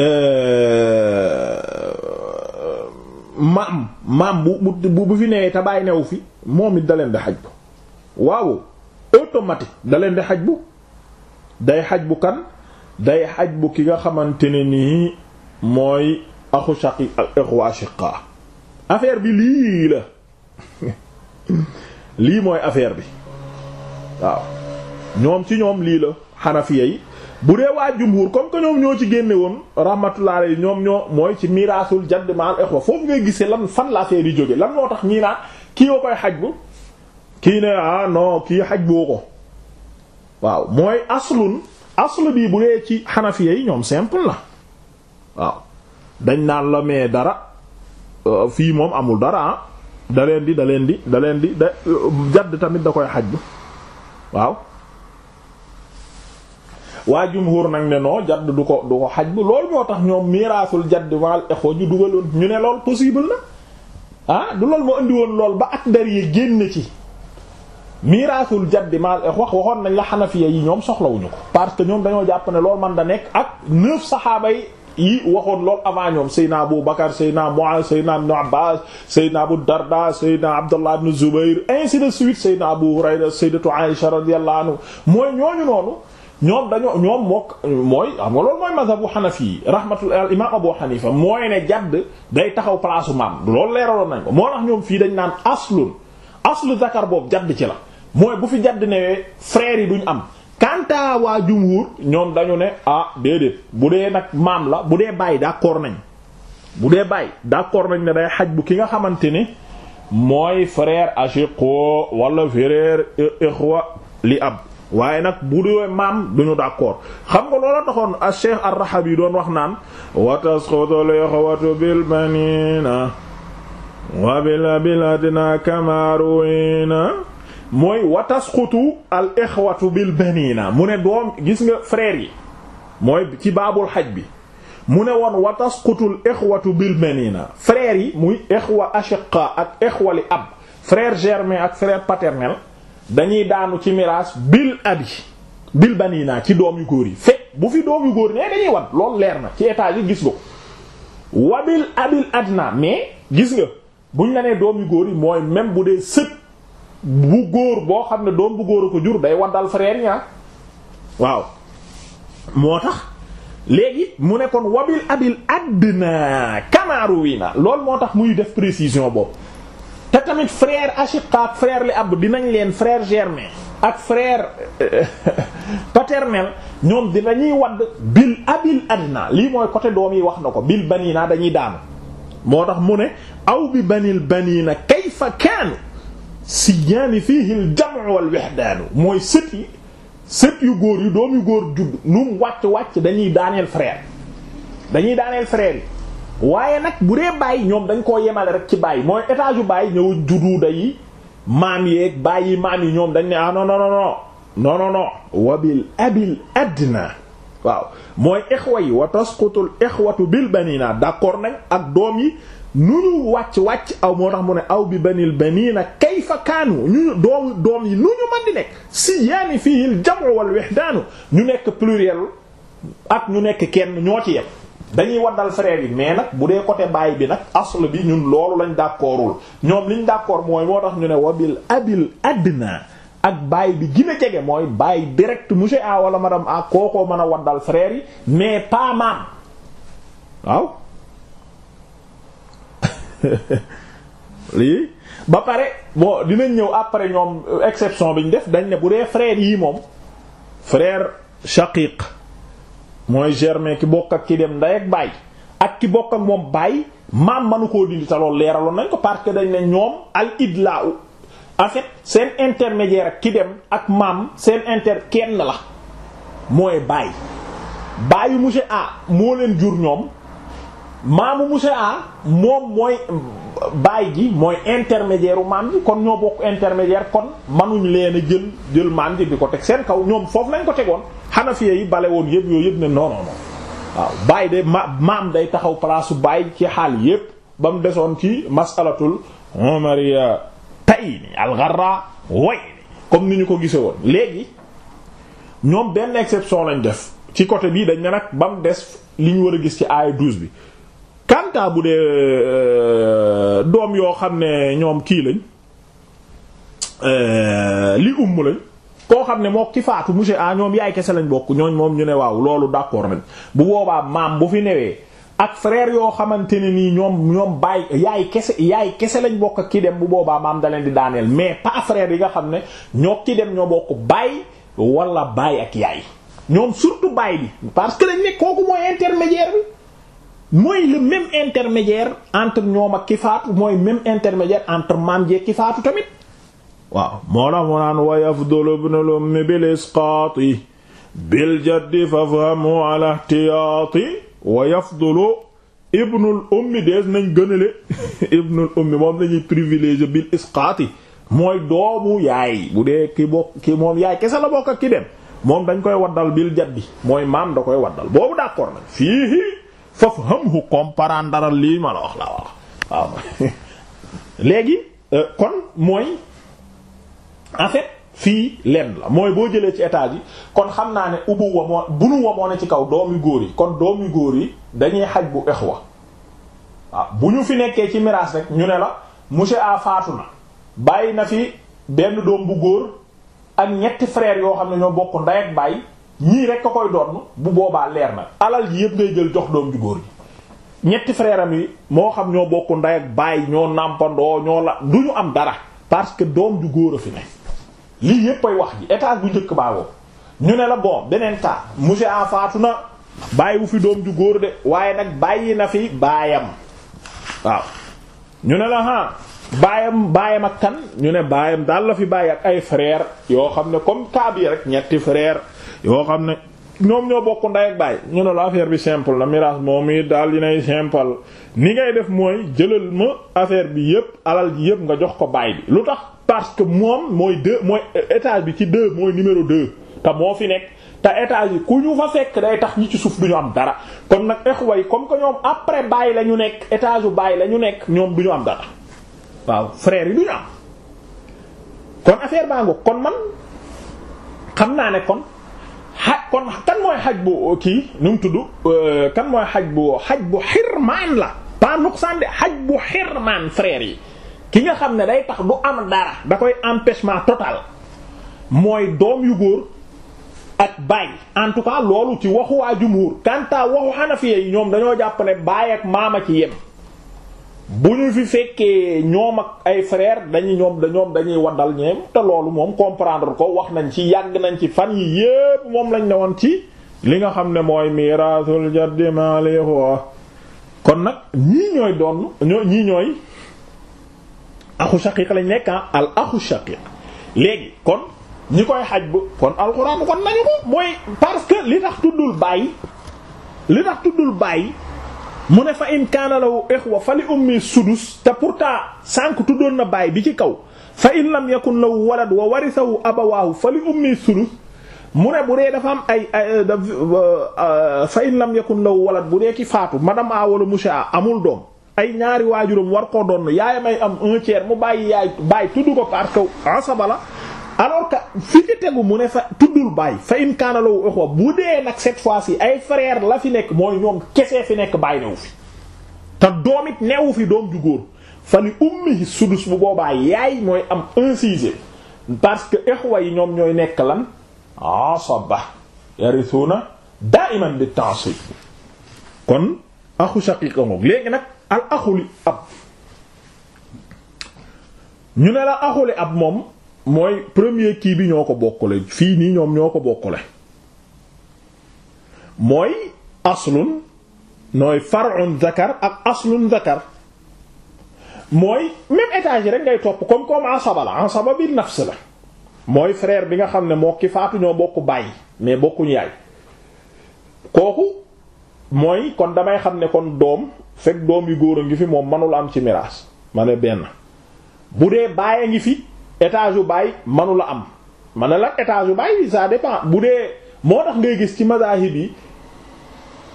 Euh, maam maam bu bu bu fi nee te bàyyi newu fi moom it daleen di xaj bu waaw automatique da di xaj bu day xaj bu kan day xaj bu ki nga xamante ne nii mooy axu shaqi ak ixwa shiqa affaire bi lii la *laughs* lii mooy affaire bi waaw ñoom ci ñoom lii la xanafiya yi bu dee waa jumhur comme que ñoom ñoo ci génne woon rahmatullah alayhi ñoom ñoo mooy ci miraasul jadd ma al foofu ngay gisee lan fan la affaire yi jóge lan moo tax ñii naa kii yoo koy xaj bu kii ne ah kii xaj boo ko waaw mooy aslun aslu bi bu dee ci xanafiya yi ñoom simple la waaw dañ naan la mais dara euh, fii moom amul dara ah da leen di da leen di da leen euh, jadd tamit da koy xaj bu waaw waa jumhur nag ne noo jadd du ko du ko xaj bu lool moo tax ñoom miraasul jadd wal exo ñu dugaloon ñu ne lool possible na ah du loolu moo indi woon lool ba ak dar yi génn ci miraasul jaddi maal wax waxoon nañ la xanafiya yi ñoom soxlawuñu ko parce que ñoom dañoo jàpp ne loolu man da nekk ak neuf saxaaba yi yi waxoon lool avant ñoom Seydina Abu Bakar Seydina Muaz Seydina Ibn Abbas Seydina Abu Darda Seydina Abdullah ibn Zubayr ainsi de suite Seydina Abu Hurayra Sayyidatu Aisha radiyallahu anhu mooy ñooñu noonu ñoom dañoo ñoom mook mooy xam nga loolu mooy mazhabu xanafi yi rahmatul imam abu xanifa mooy ne jadd day taxaw palaasu maam loolu leeraloon nañ ko moo tax ñoom fii dañ naan aslun aslu zakar boobu jadd ci la mooy bu fi jàdd newee frères yi duñ am kanta waa jumhur ñoom dañu ne ah déedéet bu dee nag maam la bu dee bàyyi d'accord nañ bu dee bàyyi d'accord nañ ne day xaj bu ki nga xamante ni mooy frère ashiqo wala frère ikhwa li ab waaye nag bu dee maam duñu d'accord xam nga loola taxoon a cheikh ar-Rahabi doon wax naan wa tasqutu al-ikhwatu bil banina mu ne doom gis nga frère yi mooy ci baabul xaj bi mu ne woon wa tasqutu al-ikhwatu bil banina frère yi muy ikhwa ashiqa ak ikhwa li ab frère germain ak frère paternel dañuy daanu ci miraas bil abi bil banii naa ci doom yu góor yi fekk bu fi doom yu góor nee dañuy wan loolu leer na ci état yi gis nga wabil abil adna mais gis nga buñ la nee doom yu góor yi mooy même bu dee sët bu góor boo xam ne doom bu góor a ko jur day waddal frère ñaa waaw moo tax léegi mu ne kon wabil abil adna kamaaru wi na loolu moo tax muy def précision boobu te tamit frère ashiqa ak frère li ab dinañ leen frère germain ak frère euh, *laughs* paternel ñoom dinañuy wadd bil abil adna lii mooy côté doom yi wax na ko bil banina dañuy daanu moo tax mu ne aw bi banil banina kayfa kaanu sijaani fiihi al jam'u wal wahdaanu mooy set yi sët yu góor yi doom yu góor judd nu mu wàcc wàcc dañuy daaneel frère dañuy daaneel frère yi waaye nag bu dee bàyyi ñoom dañ koo yemale rek ci bàyyi mooy étage yu bàyyi ñëw judduuda yi maam yeeg bàyyi maam yi ñoom dañ ne ah non non non non non non wabil abil adna waaw mooy ixwa yi wa tasqutul ixwatu bil banina d'accord nag ak doom yi nu ñu wàcc wàcc aw moo tax mu ne aw bi banil banina kayfa kaanu ñu doom doom yi nu ñu mën di nekk si yaani fiil jam'u wal wahdaanu ñu nekk pluriel ak ñu nekk kenn ñoo ci yem dañuy waddal frère yi mais nag bu dee côté baay bi nag asl bi ñun loolu lañ d'accordul ñoom liñ d'accord mooy moo tax ñu ne wabil abil adna ak baay bi gën a jege mooy baay direct monsieur a wala madame a kookoo mën a waddal frère yi mais pas maam waaw *laughs* lii ba pare bon dinañ ñëw après ñoom exception bi ñu def dañ ne bu dee frère yii moom frère shaqiq mooy germain ki bokk ak ki dem nday ak baay ak ki bokk ak moom baay maam manu koo dindi te loolu leeraloon nañ ko parce que dañ ne ñoom al idla u en fait seen intermédiaire ak ki ak maam seen inter kenn la mooy baay baayu monsieur A moo leen jur ñoom maamu monsieur A moom mooy baay ji mooy intermédiaire u maam ji kon ñoo bokk intermédiaire kon manuñ leen a jël jël maam ji bi ko teg seen kaw ñoom foofu lañ ko tegoon xanafiya yi bale woon yëpp yooyu yëpp ne non non non waaw baay de ma maam day taxaw palaasu bàyyi ci xaal yëpp ba mu desoon ci masalatul umariya tey ni algarra way comme ni ñu ko gisee woon léegi ñoom benn exception lañ def ci côté bii dañ ne nag ba mu des li ñu war a gis ci aaya 12 bi kanta bu dee euh, doom yoo xam ne ñoom kii lañ euh, li umm lañ koo xam ne moo ki faatu monsieur A ñoom yaay kese lañ bokk ñooñ moom ñu ne waaw loolu d'accord nañ bu boobaa maam bu fi newee ak frère yoo xamante ne nii ñoom ñoom baay yaay kese yaay kese lañ bokk ak ki dem bu boobaa maam da leen di daaneel mais pas frère yi nga xam ne ñoo ki dem ñoo bokk baay wala baay ak yaay ñoom surtout baay bi parce que lañ ne kooku mooy intermédiaire bi mooy le même intermédiaire entre ñoom ak ki faatu mooy même intermédiaire entre maam jeeg ki tamit waaw moo la mu naan wa yafdulu ibnul ummi bil isqaati bil jaddi fafhamu ala ihtiyaati wa yafdulu ibnul ummi dees nañ gënale *laughs* ibnul ummi moom lañuy privilégié bil isqaati mooy doomu yaay bu dee ki bokk ki moom yaay kese la bokk ak ki dem moom dañ koy waddal bil jaddi mooy maam da koy waddal boobu d'accord nag fii fafhamhu comprendre dara lii ma la wax la waaw *laughs* léegi euh, kon mooy en fii lenn la mooy boo jëlee ci état yi kon xam naa ne ubu wa moo bunu wa moo ci kaw doom yu góor yi kon doom yu góor yi dañuy xaj bu exwa waaw bu ñu fi nekkee ci miraas rek ñu ne la monsieur a faatu na bàyyi na fi benn doom bu góor ak ñetti frère yoo xam ne ñoo bokk nday ak baay ñii rek ko koy doon bu boobaa leer na alal ji yëpp ngay jël jox doom ju góor yi ñetti frère yi moo xam ñoo bokk nday ak baay ñoo nàmpandoo ñoo la du ñu am dara parce que doom ju góor fi lii yépp ay wax ji étage bu njëkk baa ñu ne la bon beneen cas monsieur a faatu na bàyyiwu fi doom ju góor de waaye nag bàyyi na fi baayam waaw ñu ne la ha baayam baayam ak kan ñu ne baayam daal la fi bàyyi ak ay frère yoo xam ne comme cas bi rek ñetti frère yoo xam ne ñoom ñoo bokk ndey ak baay ñu ne la affaire bi simple la miraas moom it daal di nay simple ni ngay def mooy jëlal ma affaire bi yépp alal ji yépp nga jox ko baay bi lu tax. parce que moom mooy deux mooy euh, étage bi ci deux mooy numéro deux te moo fi nekk te étage yi ku ñu fa fekk day tax ñi ci suuf du ñu am dara kon nag exwa yi comme que ñoom après bàyyi la ñu nekk étage bu bàyyi la ñu nekk ñoom du ñu am dara waaw frair yi du ñu am kon affaire baa kon man xam naa ne kon kon kan mooy xaj bu kii nu mu tudd euh, kan mooy xaj bu xaj bu xirmaan la pas nuqsaan xaj bu xirmaan frère yi ki nga xam ne day tax du am dara da koy empêchement total mooy doom yu góor ak baay en tout loolu ci waxu waa jumhur kanta waxu xanafiya yi ñoom dañoo jàpp ne baay ak maama ci yem bu ñu fi fekkee ñoom ak ay frère dañuy ñoom dañoom dañuy waddal ñeem te loolu moom comprendre ko wax nañ ci yàgg nañ ci fan yi yépp moom lañ ne woon ci li nga xam ne mooy mirasul jaddi malihu kon nag ñii ñooy ñoo ñii ñooy axu shaqiq lañu nekk ah, al axu shaqiq léegi kon ñi koy xaj bu kon alxuraan kon nañu ko mooy parce que li tax tuddul bàyyi li tax tuddul bàyyi mu ne fa in kaana lahu ixwa fa li ummi sudus te pourtant sànq tuddoon na bàyyi bi ci kaw fa in lam yakun lahu walad wa warisahu abawaahu fa bu dee dafa am ay fa in lam yakun lahu bu dee ki faatu madame a wala monsieur a amul doom ay ñaari waajuram war koo doon yaay may am un tiers mu bàyyi yaay bàyyi tudd ko parce que asaba la alors que fi ci tegu mu ne fa tuddul bàyyi fa in kaana uxwa bu dee nag set fois yi ay frère la fi nekk mooy ñoom kese fi nekk bàyyi newu fi te doom it newu fi doom ju góor fa li ummihi sudus bu boobaa yaay mooy am un sixième parce que uxwa yi ñoom ñooy nekk lan asaba yarithuna da'iman bi ta'sib kon axu shaqiqa ngoog léegi nag al axuli ab ñu ne la axuli ab moom mooy premier kii bi ñoo ko bokkule fii nii ñoom ñoo ko bokkule mooy aslun nooy far'un zakar ak aslun zakar mooy même étage yi rek ngay topp comme comme asaba la asaba bi nafs la mooy frère bi nga xam ne moo ki faatu ñoo bokk bàyyi mais bokkuñ yaay kooku mooy kon damay xam ne kon doom fekk doom yu góor a ngi fi moom manula am ci miraas ma ne benn bu dee baay a ngi fi étage yu baay manula am ma ne la étage yu baay ça bu dee moo tax ngay gis ci mazahib yi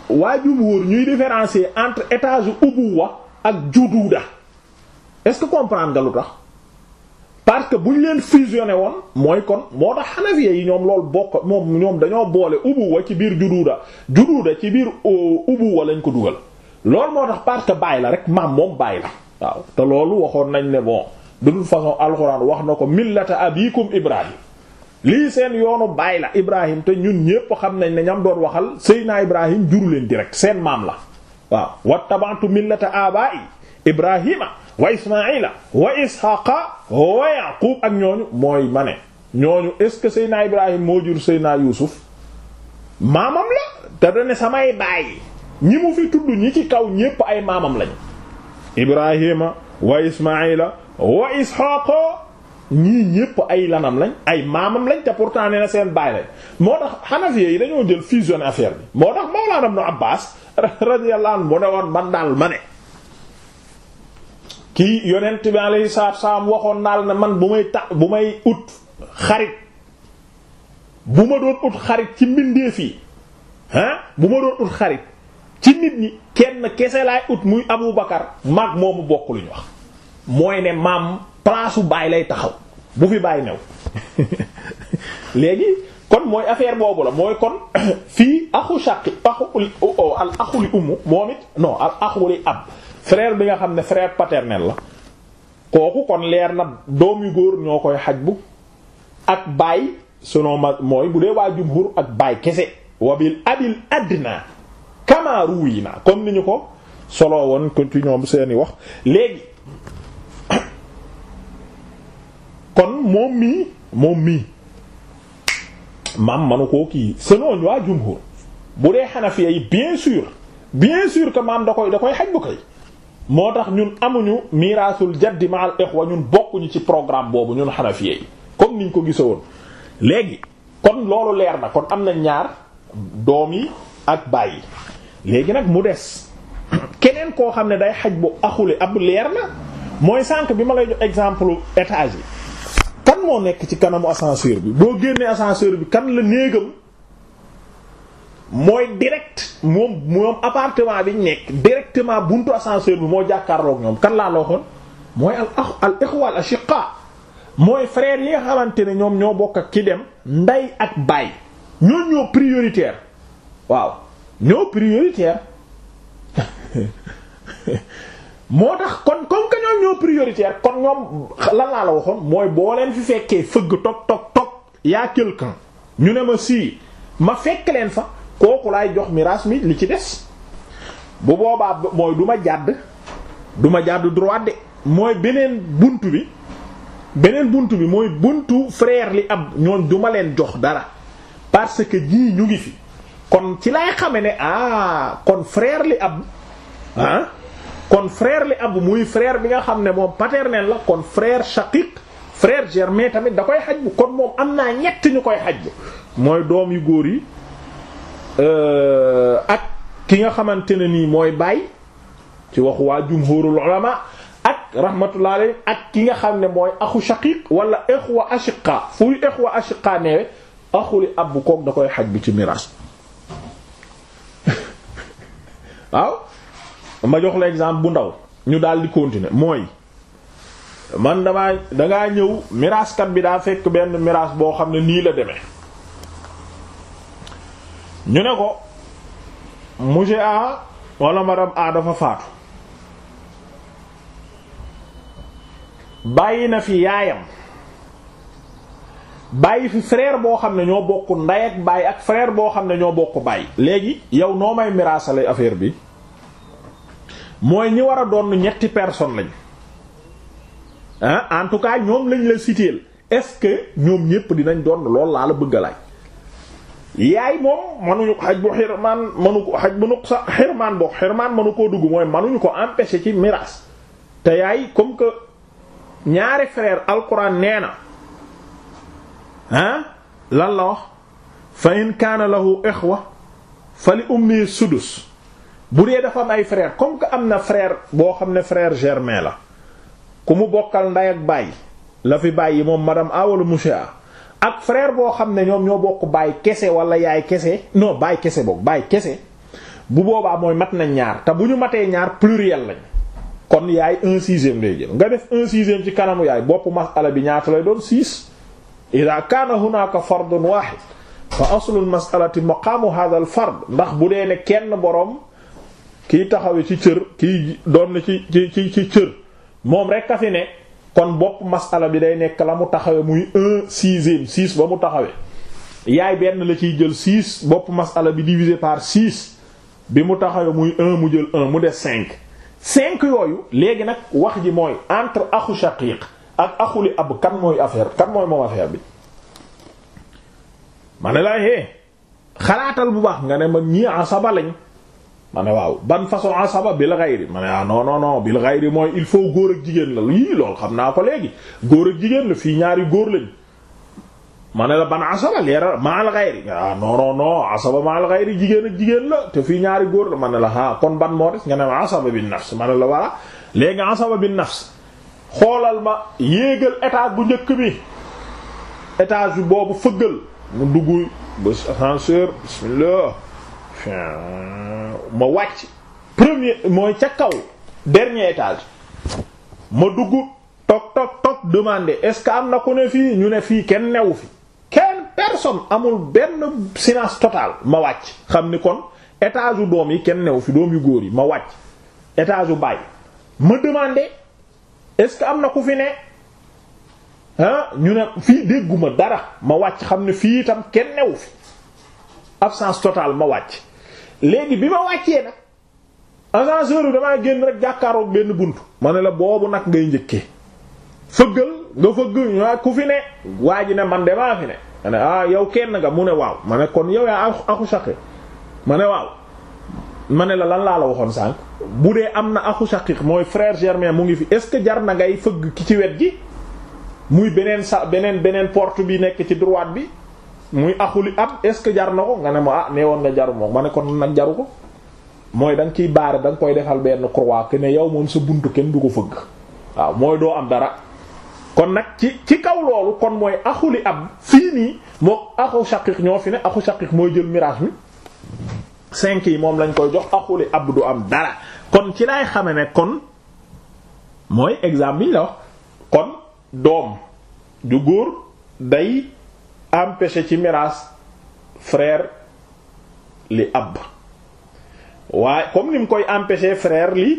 waa jumhur ñuy différencier entre étage yu ubuwa ak jududa est-ce que nga lu tax parce que bu ñu leen fusionné woon mooy kon moo tax xanafiya yi ñoom lool bokk moom ñoom dañoo boole ubuwa ci biir juduuda juduuda ci biir euh, ubuwa lañ ko dugal lool moo tax parce que bàyyi la rek maam moom bàyyi la waaw te loolu waxoon nañ ne bon de toute façon alxuraan wax na ko millata abikum ibrahim lii seen yoonu bàyyi la ibrahim te ñun ñépp xam nañ ne ñam doon waxal seyna ibrahim juru leen direct seen maam la waaw wattaba'tu millata abai ibrahima wa ismaila wa ishaqa wa yaqub ak ñooñu mooy ma ñooñu est-ce que seydna ibrahim moo jur seydna yusuf maamam la te dane samay baay ñi mu fi tudd ñi ci kaw ñépp ay maamam lañu ibrahima wa ismaila wa ishaqa ñii ñépp ay lanam lañ ay maamam lañ te pourtant nee seen baay lañ moo tax xanafiya yi dañoo jël moo tax mawlaana ibn abbas radiyallahu anhu mu man daal ma kii yonent bi alayhi salaatu salaam waxoon naal ne man bu may tax bu may ut xarit bu ma doon ut xarit ci mbindeef yi ah bu ma doon ut xarit ci nit ñi kenn kese laay ut muy Abu Bakar maag moomu bokk lu ñu wax mooy ne maam palaasu baay lay taxaw bu fi baay new *laughs* léegi kon mooy affaire boobu la mooy kon *coughs* fii axu shaqi axu oh, al axuli ummu moom it non al axuli ab frère bi nga xam ne frère paternel la kooku kon leer na doom yu góor ñoo koy xaj bu ak baay selon ma mooy bu dee waa jumhur ak baay kese wabil abil adna kamaaru yi na comme ni ñu ko solo woon ko ci ñoom seeni wax léegi *coughs* moom mii moom mii maam manu kii selon waa jumhur bu dee xanafiya yi bien sûr bien sûr que maam da koy da koy xaj bu koy moo tax ñun amuñu miraasul jaddi ma al ixwa ñun bokkuñu ci programme boobu ñun xanafiye yi comme niñ ko woon léegi kon loolu leer na kon am na ñaar doom yi ak bàyyi léegi nag mu des *coughs* keneen koo xam ne day xaj bu axuli ab leer na mooy sànq bi ma la jox exemple étage yi kan moo nekk ci kanamu ascenseur bi boo génnee ascenseur bi kan la néegam mooy direct moom moom appartement bi ñu nekk directement buntu ascenseur bi moo jàkkaarloog ñoom kan laa la waxoon mooy al al ikhwa al mooy frère yi nga xamante ne ñoom ñoo bokk ak ki dem ndey ak baay ñoo ñoo prioritaire waaw ñoo prioritaire *laughs* moo tax kon comme que ñoom ñoo prioritaire kon ñoom lan laa la waxoon mooy boo leen fi fekkee fëgg tog tog tog y'a quelqu'un ñu ne ma si ma fekk leen fa kooku laay jox miraas mi li ci des bu boobaa mooy du ma jàdd duma ma jàdd droit de mooy beneen bunt bi beneen bunt bi mooy buntu frère li ab ñoon duma leen jox dara parce que jii ñu ngi fi kon ci lay xame ne ah kon frère li ab ah kon frère li ab muy frère bi nga xam ne moom paternel la kon frère shaqiq frère germain tamit da koy xaj bu kon moom am naa ñett ñu koy xaj bu mooy doom yu góor yi Euh, ak ki nga xamante ne nii mooy baay ci waxu waa jumhurul ulama ak rahmatullah alayhi ak ki nga xam ne mooy axu shaqiq wala ixwa ashiqa fuy ixwa ashiqa neewe axuli abbu koog da koy xaj bi ci miraas *laughs* waaw ma jox la exemple bu ndaw ñu daal di continuer mooy man damaa dangaa ñëw miraaskat bi daa fekk benn miraas boo xam ne nii la demee ñu ne ko monsieur A wala madame A dafa faatu bàyyi na fi yaayam bàyyi fi frère boo xam ne ñoo bokk ndey bàyyi ak frère boo xam ne ñoo bokk bàyyi léegi yow noo may miraasale affaire bi mooy ñi war a doon ñetti personnes lañ ah en tout cas ñoom lañ la citer est-ce que ñoom ñépp dinañ doon lool laa la bëgg a yaay moom manuñu xaj bu xirmaan manu ko xaj bu nuq sa xirmaan boo xirmaan manu koo dugg mooy manuñu ko empêcher ci miraas te yaay comme que ñaari frère alquran nee na ah lan la wax fa in kaana lahu ixwa fa li ummi sudus bu dee dafa am ay frère comme que am na frère boo xam ne frère germain la ku mu bokkal nday ak baay la fi bàyyi moom madame A wala A ak frair boo xam ne ñoom ñoo bokk baay kese wala yaay kese non baay kese boog baay kese bu boobaa mooy mat nañ ñaar te bu ñu matee ñaar pluriel lañ kon yaay un sixième lay jël nga def un sixième ci kanamu yaay bopp masala bi ñaata lay doon six ida kaana hunaka fardun wahid fa aslul masalati maqaamu hadha al fard ndax bu dee ne kenn boroom kiy taxawe ci cër kiy doon ci ci ci ci cër moom rek a fi ne kon bopp masala bi day nekk la mu taxawe muy un sixième six ba mu taxawe yaay benn la ciy jël six bopp masala bi divisé par six bi mu taxawe muy un mu jël un mu des cinq cinq yooyu léegi nag wax ji mooy entre aku shaqiq ak axuli ab kan mooy affaire kan mooy moom affaire bi ma ne la eh, xalaatal bu baax nga ne ma ñi sabalañ mane waaw ban façon asaba bil ghayri ma ne ah non non bil ghayri mooy il faut góor ak jigéen la yii loolu xam naa ko léegi góor ak jigéen la fii ñaari góor lañ ma ne la ban asaba leeral maal ghayri ah non non asaba maal ghayri jigéen ak jigéen la te fii ñaari góor la ma ne la ah kon ban moo des nga ne ma asaba bin nafs ma ne la voilà léegi asaba bin nafs xoolal ma yéegal étage bu njëkk bi étage bi boobu fëggal mu dugg ba ascenseur bismillah ma wàcc premier mooy ca kaw dernier étage ma dugg toog toog toog demander est-ce que am na ku ne fii ñu ne fii kenn new fi kenn personne amul benn silence total ma wàcc xam ni kon étage yu doom yi kenn new fi doom yu góor yi ma wàcc étage yu bàyyi ma demande est-ce que am na ku fi ne ah ñu ne fii dégguma dara ma wàcc xam ne fii itam kenn newu fi absence totale ma wàcc léegi bi ma wàccee na ascenseur bi damaa génn rek jàkkaaroog benn bunt ma ne la boobu nag ngay njëkkee fëggal nga fëgg ñaa ku fi ne waa ji ne man de fi ne ma ne ah yow kenn nga mu ne waaw ma ne kon yow yaa axu shaqiq ma ne waaw ma ne la lan laa la waxoon sànq bu dee am na axu shaqiq mooy frère germain mu ngi fi est ce que jar na ngay fëgg ki ci wet gi muy beneen sa beneen beneen porte bi nekk ci droite bi muy axuli ab est-ce que jar na ko nga ne ma ah nee woon nga jaru moom ma ne kon nag jaru ko mooy da nga ciy baare da koy defal benn croix que ne yow moom sa buntu kenn du ko fëgg waaw mooy doo am dara kon nag ci ci kaw kon mooy axuli ab fii nii moo axu fi ne axu shaqiq mooy jël mirage mi cinq yi moom lañ koy jox axuli ab du am dara kon ci lay xame ne kon mooy exemple bi la kon doom ju góor day empêcher ci miraas frère li ab waaye comme ni mu koy empêcher frère li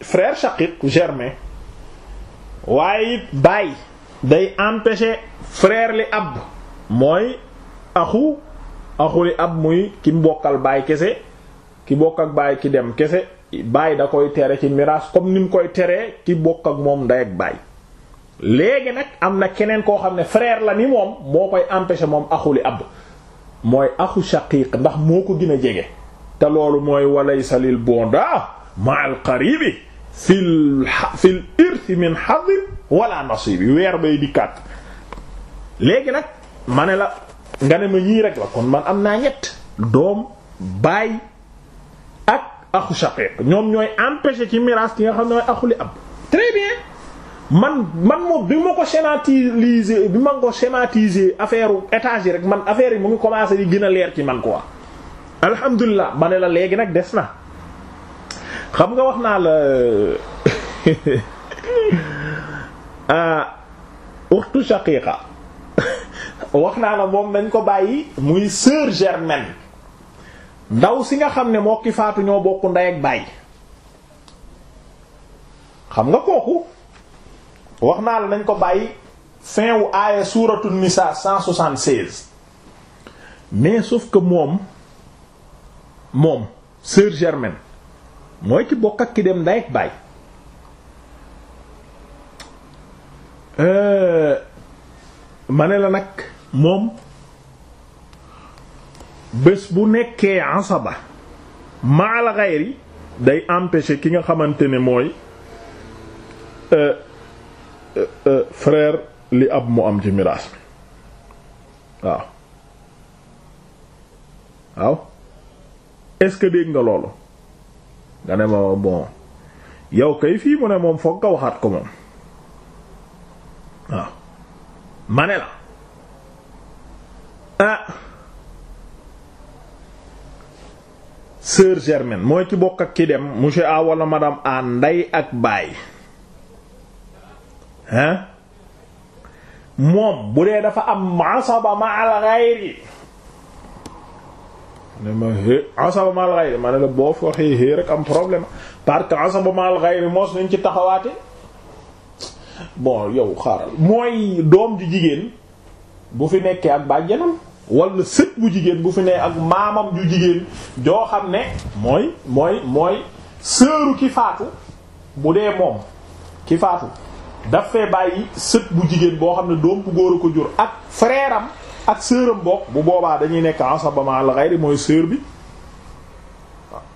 frère shaqiq germain waaye it baay day empêcher frère li ab mooy axu axu li ab muy ki bokkal baay kese ki bokk ak baay ki dem kese bàyyi da koy tere ci miraas comme ni mu koy teree ki bokk ak moom nday ak baay léegi nag am na keneen koo xam ne frère la ni moom moo koy empêcher moom axuli ab mooy aku shaqiq ndax moo ko gën a jege te loolu mooy walaysa lil bonda ma al qaribi fil fil irthi min hadin wala nasibi weer bay dikkaat léegi nag ma ne la nga ne ma ñii rek la kon man am naa ñett doom baay ak axu shaqiq ñoom ñooy empêcher ci miraas ki nga xam ne mooy axuli ab man man moom bi ma ko schématiser bi ma ko schématiser affaire étage yi rek man affaire yi mu ngi commencé di gën a leer ci man ko quoi. alhamdulilah ma ne la léegi nag des na xam nga wax naa la euh, ah *laughs* euh, uxtu shaqiqa wax naa la moom nañ ko bàyyi muy sœur germaine ndaw si nga xam ne moo ki faatu ñoo bokk ndey ak baay xam nga kooku. wax naa la nañ ko bàyyi fin wu aaya suuratu nisaa 176 mais sauf que moom moom sœur germaine mooy ki bokk ak ki dem ndey ak baay euh, ma la nag moom bés bu nekkee asaba maal xayri day empêcher ki nga xamante ne mooy euh, Euh, euh, frère li ab mu am ci miraas mi waaw waaw est-ce que dégg nga loolu nga ne ma bon yow kay fii mu ne moom foog nga waxaat ko moom waaw ma ne la ah sœur Germaine mooy ci bokk ak ki dem monsieur A wala madame A nday ak baay hein moom bu dee dafa am asaba ma al ghayri ma hé asaba la boo fa waxee hé rek am problème parce que asaba ma al ghayri nañ ci taxawaate bo yow xaaral mooy doom ju jigéen bu fi nekkee ak bàjjanam wala sët bu jigéen bu fi ne ak maamam ju jigéen joo xam ne mooy mooy mooy sëru ki faatu bu dee moom ki faatu daf fee bàyyi sët bu jigéen boo xam ne doom bu góor ko jur ak frère ak sœur am bokk bu boobaa dañuy nekk asabama al ghayri mooy sœur bi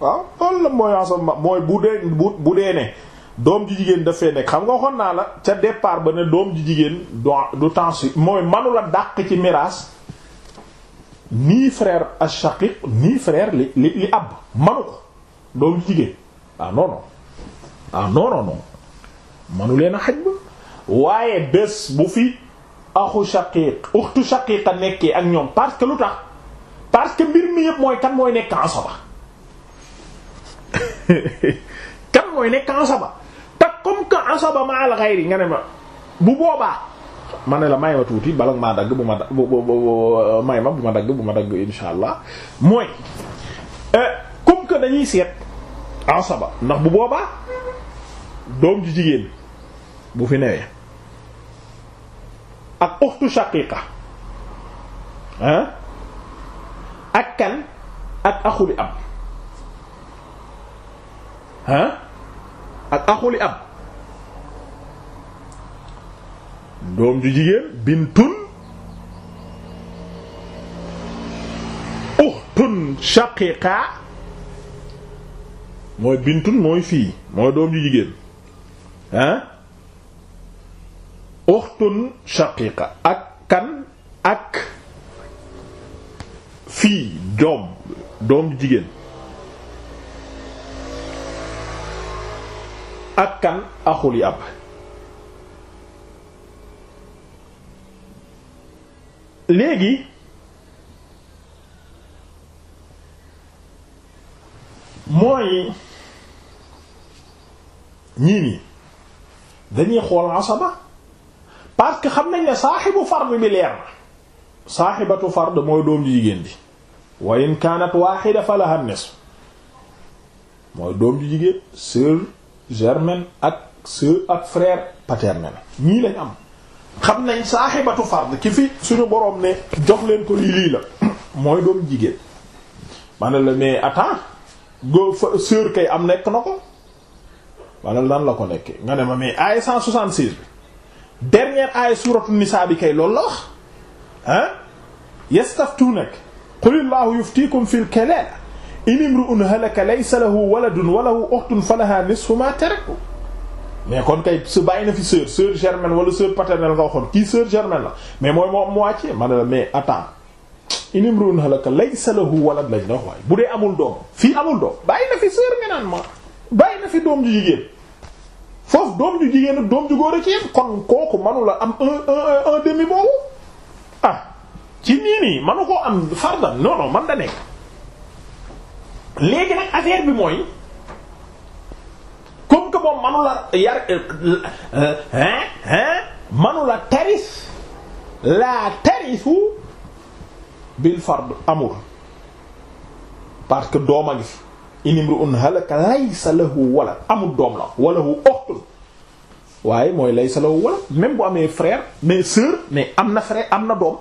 waaw loolu la mooy asabama mooy bu dee bu bu dee doom ji jigéen daf xam nga naa la ca départ ba ne doom ji jigéen du temps manu dàq ci miraas nii frère ash li li li ab manu leen a xaj ba waaye bés bu fi axu shaqiq uxtu shaqiqa nekkee ak ñoom parce que lu tax parce que mbir mi yëpp mooy kan mooy nekk asaba *laughs* kan mooy nekk asaba te comme que asaba ma al nga ne ma bu boobaa ma ne la may ma tuuti bala maa dagg bu ma dagg bu ma bu dagg bu ma dagg insha allah mooy euh, comme que dañuy seet asaba ndax bu boobaa doom ji jigéen bu fi newee ak uxtu shaqiqa ah ak kan ak axuli ab ah ak axuli ab doom ju jigéen bintun uxtun shaqiqa mooy bintun mooy fii mooy doom ju jigéen ah uxtun shaqiqa ak kan ak fii doom doom jigéen ak kan axul yi ab léegi mooy ñii dañuy xool asaba parce que xam nañ ne saaxibu fard bi leer na saaxibatu fard mooy doom ji jigéen bi wa in kaanat waaxida falaha nisf mooy doom ji jigéen sœur germaine ak sœur ak frère paternel ñii lañ am xam nañ saaxibatu fard ki fi suñu boroom ne jox leen ko lii lii la mooy doom jigéen ma mais attends go kay am nekk na ko wala lan la ko nekkee nga ne ma mais aaya 166 bi dernière aaya suratu nisaa bi kay loolu la wax ah yastaftuunak qulillaahu yuftiikum fil kalaala in imru'un halaka laysa lahu waladun wa lahu ukhtun falahaa nisfu maa taraka mais kon kay su bàyyi na fi sœur sœur germaine wala sœur paternelle nga waxoon kii sœur germaine la mais mooy moom moitié ma ne la mais attends in imru'un halaka laysa lahu walad lañ la waaye bu dee amul doom fii amul doom bàyyi fi sœur bàyyi na fi doom ju jigéen foofu doom ju jigéen doom ju góor a kon kooku manu am un un un demi boobu ah ci nii nii manu koo am fardan non man da nekk léegi nag affaire bi mooy comme que moom manu la yar euh, euh, hein hein manu la taris la tarisu bil fard amul parce que doom a ngi inimru un halaka laysa lahu wala amul doom la walahu oxtun waaye mooy laysa lahu wala même bu amee frère mais sœur mais am na frère am na doom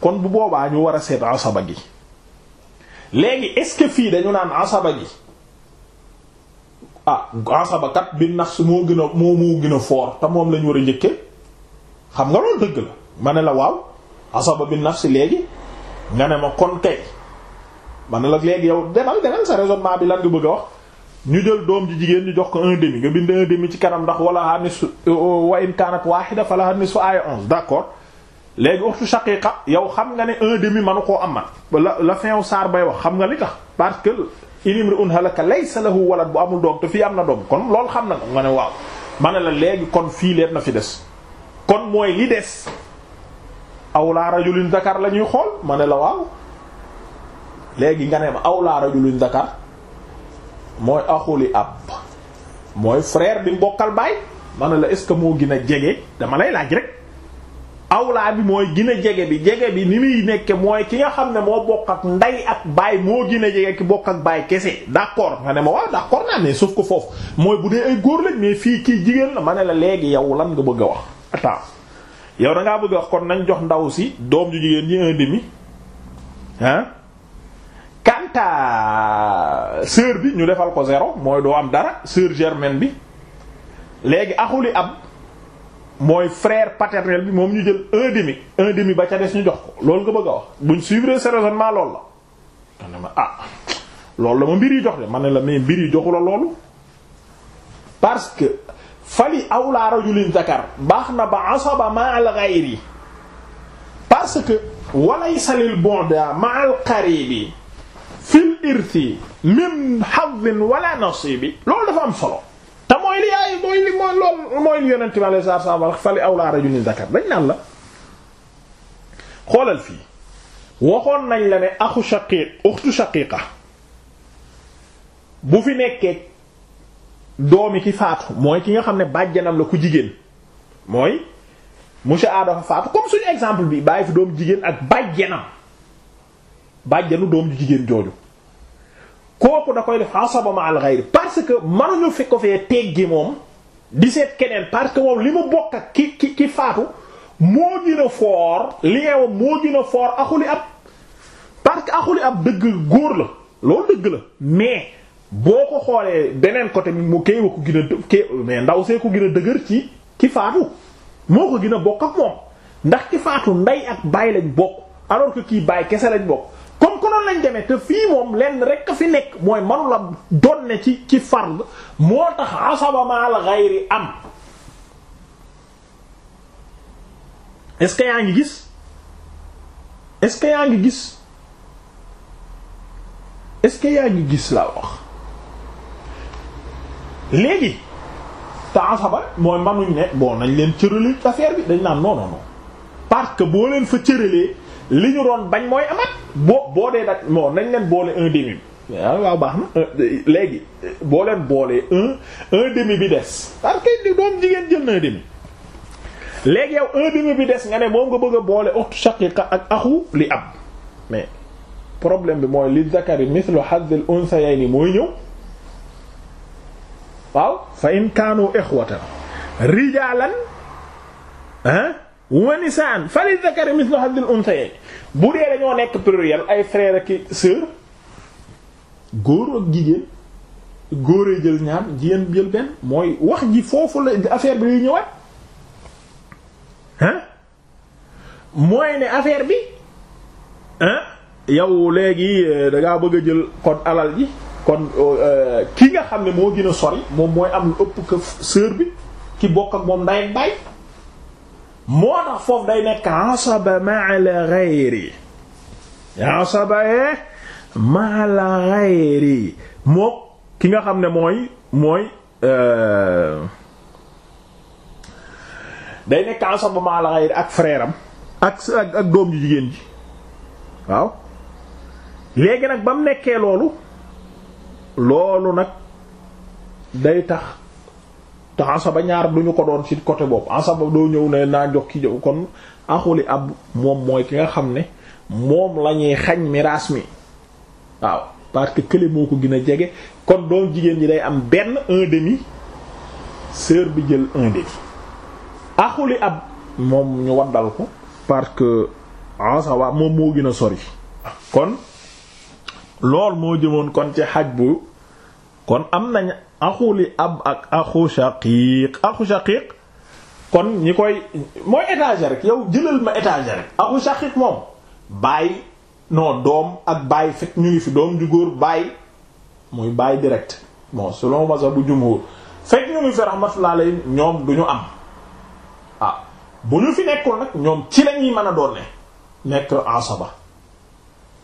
kon bu boobaa ñu war a seet asaba gi léegi est-ce que fii dañu naan asaba gi ah asaba kat bi nafs moo gën a moo gën a fort te moom lañu war a njëkke xam nga loolu dëgg la ma ne la waaw asaba bi nafs léegi nga ne ma kon kay man na la léegi yow demal demal sa raisonnement bi lan nga bëgg a wax ñu jël doom ji jigéen ñu jox ko un demi nga bind un demi ci kanam ndax wala ha nisfu euh, wa in kanat wahida falaha nisfu aya onze d'accord léegi waxtu shaqiqa yow xam nga ne un demi manu koo am man la la saar bay wax xam nga li tax parce que inimri un halaka laysa lahu walad bu amul doom te fii am na doom kon loolu xam na nga ne waaw ma ne la léegi kon fii leet na fi des kon moo li des aw la rajulin la ñuy xool ma ne la waaw léegi nga ne ma awlaa rajulun zakar mooy axuli ab mooy frère bi mbokkal baay ma ne la est-ce que moo gin a jege dama lay laaj rek awlaa bi mooy gën a jege bi jege bi ni muy nekke mooy ki nga xam ne moo bokk ak nday ak baay moo gën a jege ki bokk ak baay kese d'accord nga ne ma waaw d'accord naa ne sauf que foofu mooy bu dee ay góor lañ mais fii kii jigéen la ma ne la léegi yow lan nga bëgg a wax attends yow da bëgg a wax kon nañ jox ndaw si doom ju jigéen kanta sœur bi ñu defal ko zéro mooy doo am dara sœur germaine bi léegi axuli ab mooy frère paternel bi moom ñu jël un demi un demi ba ca des ñu jox ko loolu nga bëgg a wax buñ suivre ce raisonnement loolu la ah loolu la mbir yi jox de ma ne la mais mbir yi joxu la loolu parce que fali awla rajulin zakar baax na ba asaba ma al ghayri parce que walaysa lil bonda ma al qaribi fil irsi min hazzin wala nasibi loolu dafa am solo te mooy li ay mooy li mooy loolu mooy li yonente bi alayhi salaatu wa salaam wax fali awla rajulin zakar dañ naan la xoolal fii waxoon nañ la ne axu shaqiiq uxtu shaqiiqa bu fi nekkee doomi ki faatu mooy ki nga xam ne bàjjanam la ku jigéen mooy monsieur A dafa faatu comme suñu exemple bii bàyyi fi doom jigéen ak bàjjanam bàjjanu doom jigéen jooju kooku da koy def asaba ma al parce que mënuñu fi ko fee teggi moom di set keneen parce que moom li ma bokk ak ki ki ki faatu moo gën a fort lieewam a parce que axuli ab dëgg góor la loolu mais boo ko xoolee beneen côté mi mu kay ko gën ndaw see ko gën a ci ki faatu moo ko bokk ak moom ndax ki faatu nday ak baay lañ bokk alors que kii baay kese lañ bokk noonu lañ demee te fii moom lenn rek fi nekk mooy manu la donne ci ci fard moo tax asaba la xayri am est yaa ngi gis est ce yaa ngi gis est ce que yaa ngi gis laa wax léegi te asaba mooy manuñ ne bon nañ leen cëralee affaire bi dañ naan non non boo leen fa cëralee. li ñu doon bañ mooy amat boo boo dee daj moo nañ leen boole un demi bi waaw baax na euh, euh, léegi boo leen boolee un bi des parce que doom jigéen jël un demi léegi yow un bi des nga ne moom nga bëgg a boole uxtu shaqiqa ak axu li ab mais problème bi mooy li zakari mithlu hazzil unsayayni mooy ñëw waaw fa in kaanu ikhwatan rijalan hein wa nisaan fa li zakari mithlu hadhil unsayay bu dee dañoo nekk pluriel ay frère ak sœur góor ak jigéen góoree jël ñaam jigéen jël benn mooy wax ji foofu la affaire bi lay ñëwaat hein mooy ne affaire bi hein yow léegi euh, dangaa bëgg a jël kon alal ji kon euh, ki nga xam ne moo gin a sori moom mooy am lu ëpp que sœur bi ki bokk ak moom ndey ak moo tax foofu day nekk asaba ma'al ghayri asaba yee ma'al ghayri moo ki nga xam ne mooy mooy euh, day nekk asaba ma'al ghayri ak freeram am ak ak ak doom ju jigéen ji waaw léegi nag ba mu nekkee loolu loolu nag day tax te ba ñaar du ñu ko doon ci côté boobu asaba doo ñëw ne naa jox ki jox kon axuli ab moom mooy ki nga xam ne moom la ñuy xañ miraas mi waaw parce que kële moo ko gën a jege kon doom jigéen ji day am benn un demi bi jël un demi axuli ab moom ñu waddal ko parce que asaba moom moo gën a sori kon lool moo jëmoon kon ci xaj bu kon am nañ axu li ab ak axu shaqiiq axu shaqiiq kon ñi koy mooy étagère rek yow jëlal ma étager rek axu shaqiiq moom baay non doom ak baay fekk ñu ngi fi doom ju góor baay muy baay direct bon selon wasa bu jumhur fekk ñu ngi fi rahmatullah alayhi ñoom du ñu am ah bu ñu fi nekkoon nag ñoom ci lañuy mën a doon ne nekk asaba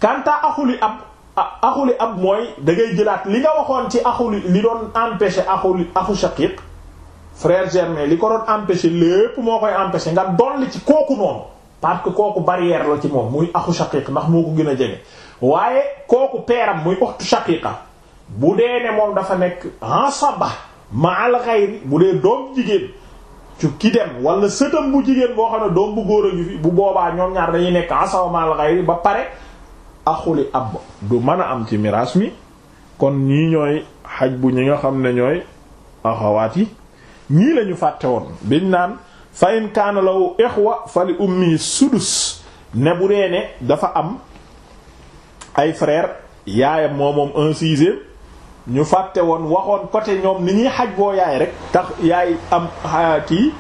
kanta axuli ab axuli am mooy dangay jëlaat li nga waxoon ci axuli li doon empêcher axuli axu shaqiq frère germain li ko doon empêcher lépp moo koy empêcher nga dolli ci kooku noonu parce que kooku barrière la ci moom muy axu shaqiq ndax moo ko gën a jege waaye kooku peeram muy uxtu shaqiqa bu dee ne moom dafa nekk asaba ma'al ghayri bu dee doom jigéen ci ki dem wala sëtam bu jigéen boo xam ne doom bu góor fi bu boobaa ñoom ñaar dañuy nekk asaba ma'al ghayri ba pare axuli ab du mën a am ci miraas mi kon ñii ñooy xaj bu ñi nga xam ne ñooy axawaat yi ñii lañu fàtte woon biñ naan fa in kaana law ixwa fa sudus ne bu dee dafa am ay frère yaayam moo moom un ñu fàtte woon waxoon côté ñoom ni ñuy xaj boo yaay rek tax yaay am kii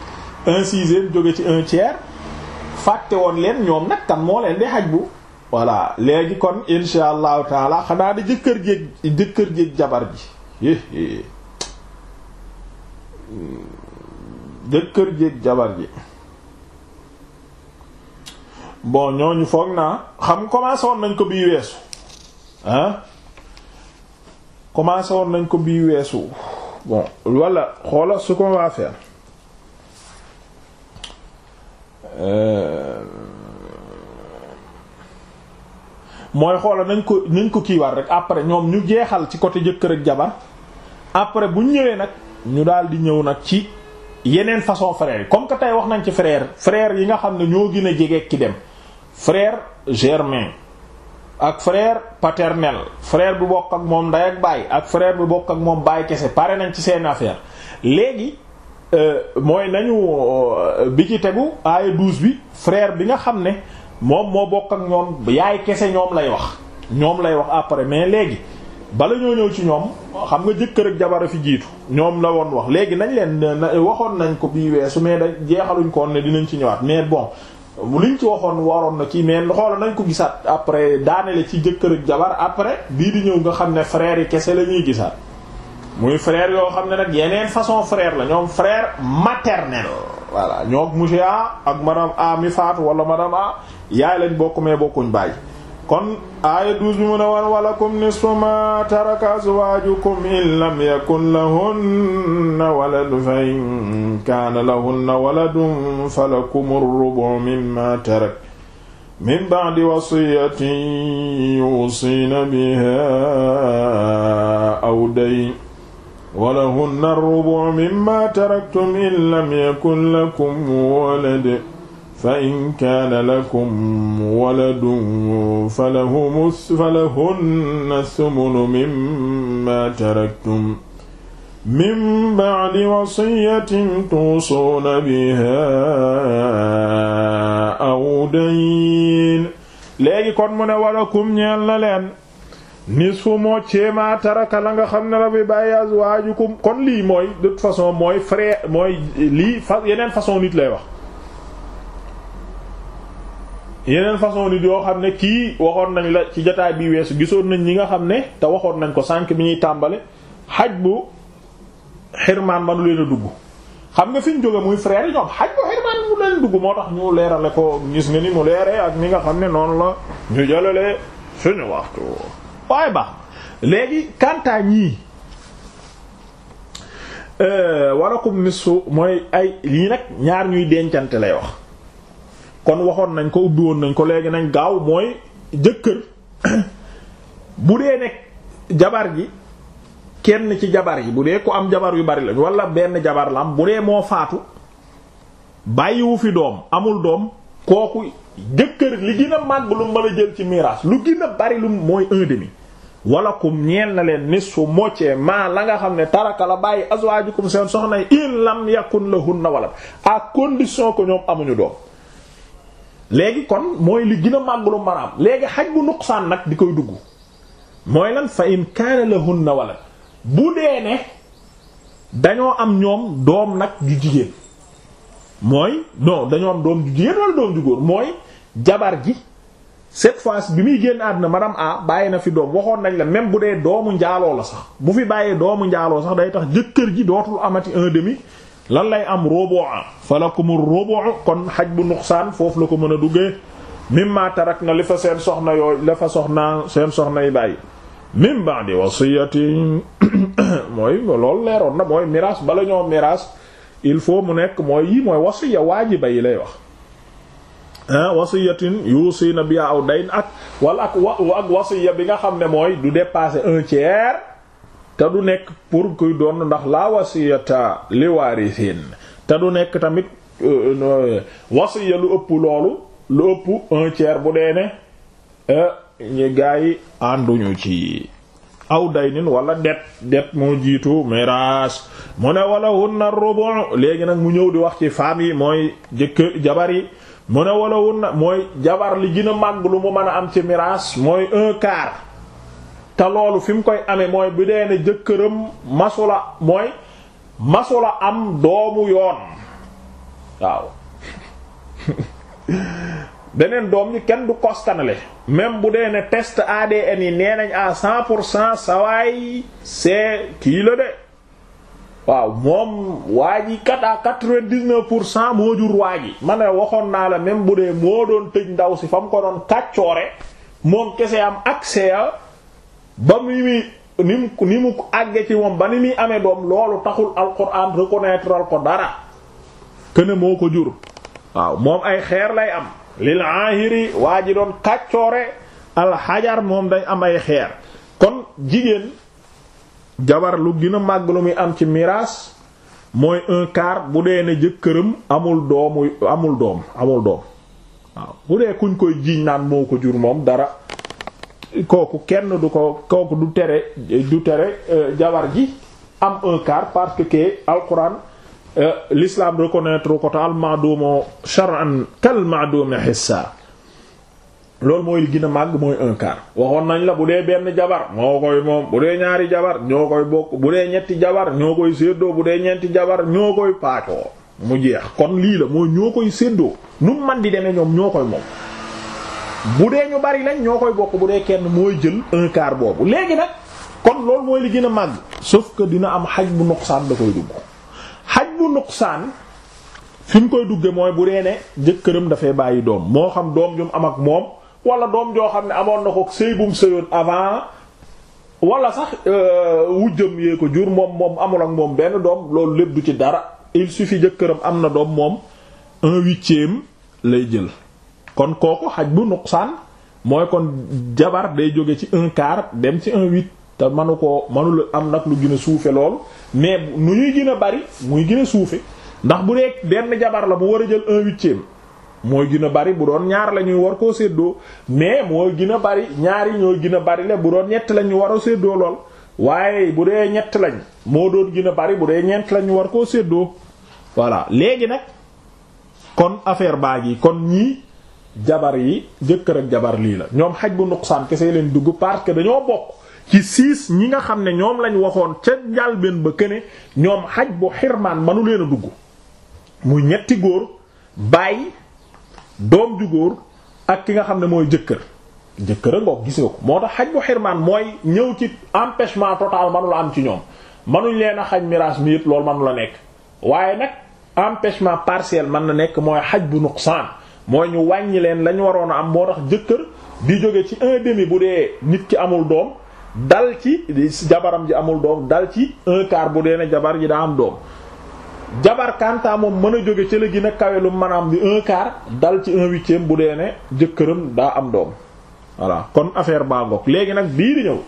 un jóge ci un tiers fàtte woon leen ñoom nag kan moo leen di xaj bu voilà léegi kon insha allahu taala xanaa di jëkkër jéeg jëkkër jéeg jabar ji jëkkër jéeg jabar ji bon ñooñu foog naa xam commencé woon nañ ko bii weesu ah commencé woon nañ ko bii weesu bon walla xoola su ko waa faire. Euh, mooy xoola nañ ko nañ ko kiiwaat rek après ñoom ñu jeexal ci côté jëkkër ak jabar après bu ñëwee nag ñu daal di ñëw nag ci yeneen façon frère yi comme que tey wax nañ ci frère frère yi nga xam ne ñoo gën a jege ki dem frère germain ak frère paternel frère bi bokk ak moom nday ak baay ak frère bi bokk ak moom baay kese pare nañ ci seen affaire léegi euh, mooy nañu euh, bi ci tegu aaya douze bi frère bi nga xam ne moom moo bokk ak ñoom yaay kese ñoom lay wax ñoom lay wax après mais léegi bala ñoo ñëw ci ñoom xam nga jëkkër ak jabar fi jiitu ñoom la woon wax léegi nañ leen waxoon nañ ko bii weesu mais da jeexaluñ ko woon ne dinañ ci ñëwaat mais bon liñ ci waxoon waroon na kii mais xoolal nañ ko gisaat après daanele ci jëkkër ak jabar après bii di ñëw nga xam ne frère yi kese la ñuy gisaat muy frère yoo xam ne nag yeneen façon frère la ñoom frère maternel voilà ñoog monsieur A ak madame mi faatu wala madame A yaay lañ bokk mais bokkuñ bàyyi kon aaya douze bi mu ne woon walakum in lam yakun lahunna waladu fa in kaana lahunna waladun tarak min ba'di wasiyatin yusiina biha aw dayn walahunna rubu mimma taraktum in lam yakun lakum walad fa in kaana lakum waladun falahunna sumunu mimma taraktum min ba'di wasiyatin tuusuuna biha aw dayn léegi kon mu ne walakum ñeel na leen nisfu moo ceema taraka la nga xam ne la fi bàyyi azwaajukum kon lii mooy de façon mooy frère mooy lii fa yeneen façon nit lay wax yeneen façon nit yoo xam ne kii waxoon nañ la ci jotaay bi weesu gisoon nañ li nga xam ne te waxoon nañ ko sànq bi ñuy tàmbali xaj bu xirmaan manu leen dugg xam nga fi ñu jóge muy frère yi ñoom xaj bu xirmaan manu leen dugg moo tax ñu leerale ko gis nga ni mu leere ak ni nga xam ne noonu la ñu jëlalee suñu waxtu waaye ba léegi kantaa ñii euh, walakum nisfu mooy ay lii nag ñaar ñuy dencante lay wax kon waxoon nañ ko ubbi nañ ko léegi nañ gaaw mooy jëkkër *coughs* bu dee nekk jabar ji kenn ci jabar yi bu dee ku am jabar yu bari lañ wala benn jabar lam bu dee moo faatu bàyyiwu fi doom amul doom kooku jëkkër li gën a màgg lu mën jël ci miraas lu gën a bari lu mooy un demi wala kum ñeel na leen nisfu moitié maa la nga xam ne taraka la bàyyi azwaajukum seen soxna yi in lam yakun lahunna walad à condition ko ñoom amuñu doom léegi kon mooy li gën a màgg lu mën am léegi xaj bu nuqsaan nag di koy dugg mooy lan fa in kaana lahunna walad bu dee ne dañoo am ñoom doom nag ju jigéen mooy non dañoo am doom ju jigéen wala doom ju mooy jabar ji set fois bi muy génn àdduna madame A bàyyi na fi doom waxoon nañ la même bu dee doomu njaaloo la sax bu fi bàyyi doomu njaaloo sax day tax jëkkër ji dootul amati un demi lan lay am rubu' falakum rubu' kon xaj bu nuqsaan foofu la ko mën a duggee mimma tarak na li fa seen soxna yooyu la fa soxnaa seen soxna yi bàyyi min ba'di wasiyati *coughs* mooy loolu leeroon na mooy miraas bala ñoo miraas il faut mu nekk mooy yi mooy wasiya waajiba yi lay wax ah wasiyatin yuusina biha aw dayn ak ak wa ak wasiya bi nga xam ne mooy du dépasser un tiers te du nekk pour kuy doon ndax laa wasiyata li waarisin te du nekk tamit euh, wasiya lu ëpp loolu lu ëpp un bu dee ne euh, ñu gaa yi ànduñu ci aw daynin wala det det moo jiitu miraas mu ne wala hunna rubu' léegi nag mu ñëw di wax ci femme yi mooy jëkkër jabar yi mu ne wala hunna mooy jabar li gën a màgg lu mu mën a am ci miraas mooy un quart te loolu fi mu koy amee mooy bu dee ne jëkkëram masula mooy masula am doomu yoon waaw *laughs* beneen doom yi kenn du kostanale même bu dee ne pest ADN yi nee nañ à cent pour cent sawaay c'est kii la de waaw moom waa ji kat à pour cent moo jur waa ji ma ne waxoon naa la même bu dee moo doon tëj ndaw si fa mu ko doon kàccoore moom kese am accès a ba mu muy ni mu ni ci moom ba ni muy amee doom loolu taxul alxuraan reconnaître al ko dara kene moo ko jur waaw moom ay xeer lay am lil aahiri waa ji doon kàccoore alxajar moom day am ay xeer kon jigéen jabar lu gën a màgg lu muy am ci miraas mooy un quart bu dee ne jëkkëram amul doomu amul doom amul doom waaw bu dee kuñ koy jiiñ naan moo ko jur moom dara kooku kenn du ko kooku du tere du tere euh, jabar ji am un quart parce que alxuraan Euh, l'islam reconnaître ko al ma'dumu shar'an kal ma'dumi hissa loolu mooy li gën a màgg mooy un quart waxoon nañ la bu dee benn jabar moo koy moom bu dee ñaari jabar ñoo koy bokk bu dee ñetti jabar ñoo koy séddoo bu dee ñeenti jabar ñoo koy paacoo mu jeex kon lii la mooy ñoo koy séddoo nu man di demee ñoom ñoo koy moom bu dee ñu bari lañ ñoo koy bokk bu dee kenn mooy jël un boobu léegi nag kon loolu mooy li gën a màgg sauf que dina am xaj bu nuqsaan sa koy bu nuqsaan fi mu koy dugge mooy bu dee ne jëkkëram dafay bàyyi doom moo xam doom jum am ak moom wala doom joo xam ne amoon na ko sëy bum sëyoon avant wala sax euh, wujjam yee ko jur moom moom amul ak moom benn doom loolu lépp du ci dara il suffit jëkkëram am na doom moom un huitième lay jël kon kooku xaj bu nuqsaan mooy kon jabar day jóge ci un quart dem ci un huit te manu ko manula am nag lu gën suufe lool mais nu ñuy gën a bari muy gën a suufe ndax bu dee benn jabar la mu war a jël un huitième mooy gën a bari bu doon ñaar la ñuy war koo séddoo mais mooy gën a bari ñaar yi ñooy gën a bari la bu doon ñett la ñu war a séddoo lool waaye bu dee ñett lañ moo doon gën a bari bu dee ñeent lañu war koo séddoo voilà léegi nag kon affaire baa gi kon ñii jabar yi jëkkër ak jabar lii la ñoom xaj bu nuqsaan kese leen dugg parce dañoo bokk ci siis ñi nga xam ne ñoom lañ waxoon ca njàlbeen ba këne ñoom xaj bu xirmaan manu leen a dugg muy ñetti góor bàyyi doom ju góor ak ki nga xam ne mooy jëkkër jëkkëra a ngoog gis nga ko moo tax xaj bu xirmaan mooy ñëw ci empêchement total manu la am ci ñoom manuñ leen a xaj miraas mi yëpp loolu manu la nekk waaye nag empêchement partiel man na nekk mooy xaj bu nuqsaan mooy ñu wàññi leen lañ waroon a am moo tax jëkkër di jóge ci un demi bu dee nit ki amul doom dal ci jabaram ji amul doom dal ci un quart bu dee ne jabar ji daa am doom jabar kantaa mën a jóge ca la gën a kawe lu maanaam di un quart dal ci un huitième bu dee ne jëkkëram daa am doom voilà kon affaire baa ngoog léegi nag biir di ñëw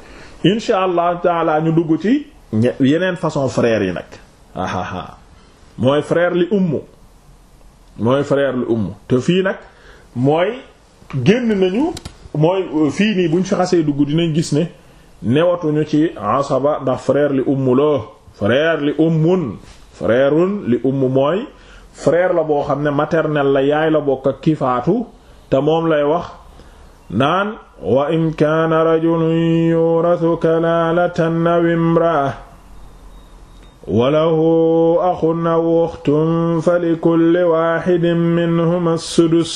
insha allah taala ñu dugg ci façon frère yi nag mooy frère li ummu mooy frère li ummu te fii nag mooy génn nañu mooy euh, fii nii buñ fi xasee dugg dinañ gis ne newatuñu ci asaba ndax frère li ummu la frère li ummun frèreun li la boo xam ne maternel la yaay la bokk ak ki faatu te moom lay wax naan wa in kaana rajulun yurathu kalaalatan aw imraa wa lahu axun aw uxtun fa likulli waaxidin minhum as-sudus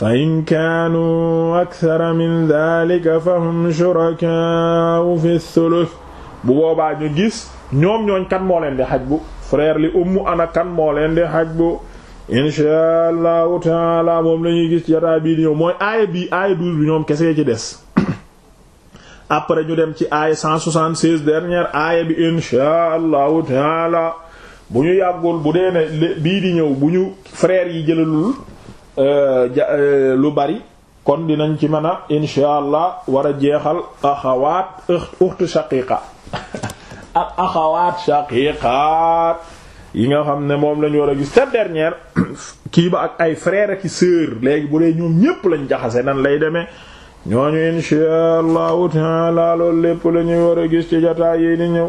fa in kaanuu akthara min dhalika fa hum fi thuluth bu boobaa ñu gis ñoom ñooñ kan moo leen di xaj bu li ummu ana kan moo di xaj bu taala moom la ñuy gis jataa bii di ñëw mooy aaya bii aaya douze bi ñoom kese ci des *coughs* après ñu dem ci aaya cent soixante-seize dernière aaya bi inshaa taala bu ñu yàggul bu dee ne bii di ñëw bu ñu frère yi jëlalul Euh, euh, lu bari kon dinañ ci mën a insha allah war a jeexal axawaat uxtu shaqiqa *laughs* ak axawaat shaqiqaat yi nga xam ne moom lañu war a gis te dernière *clears throat* kii ba ak ay frère ak sœur léegi bu dee ñoom ñépp lañ jaxase nan lay demee ñooñu insha allahu taala loolu lépp la war a gis ci jotaay yi ñëw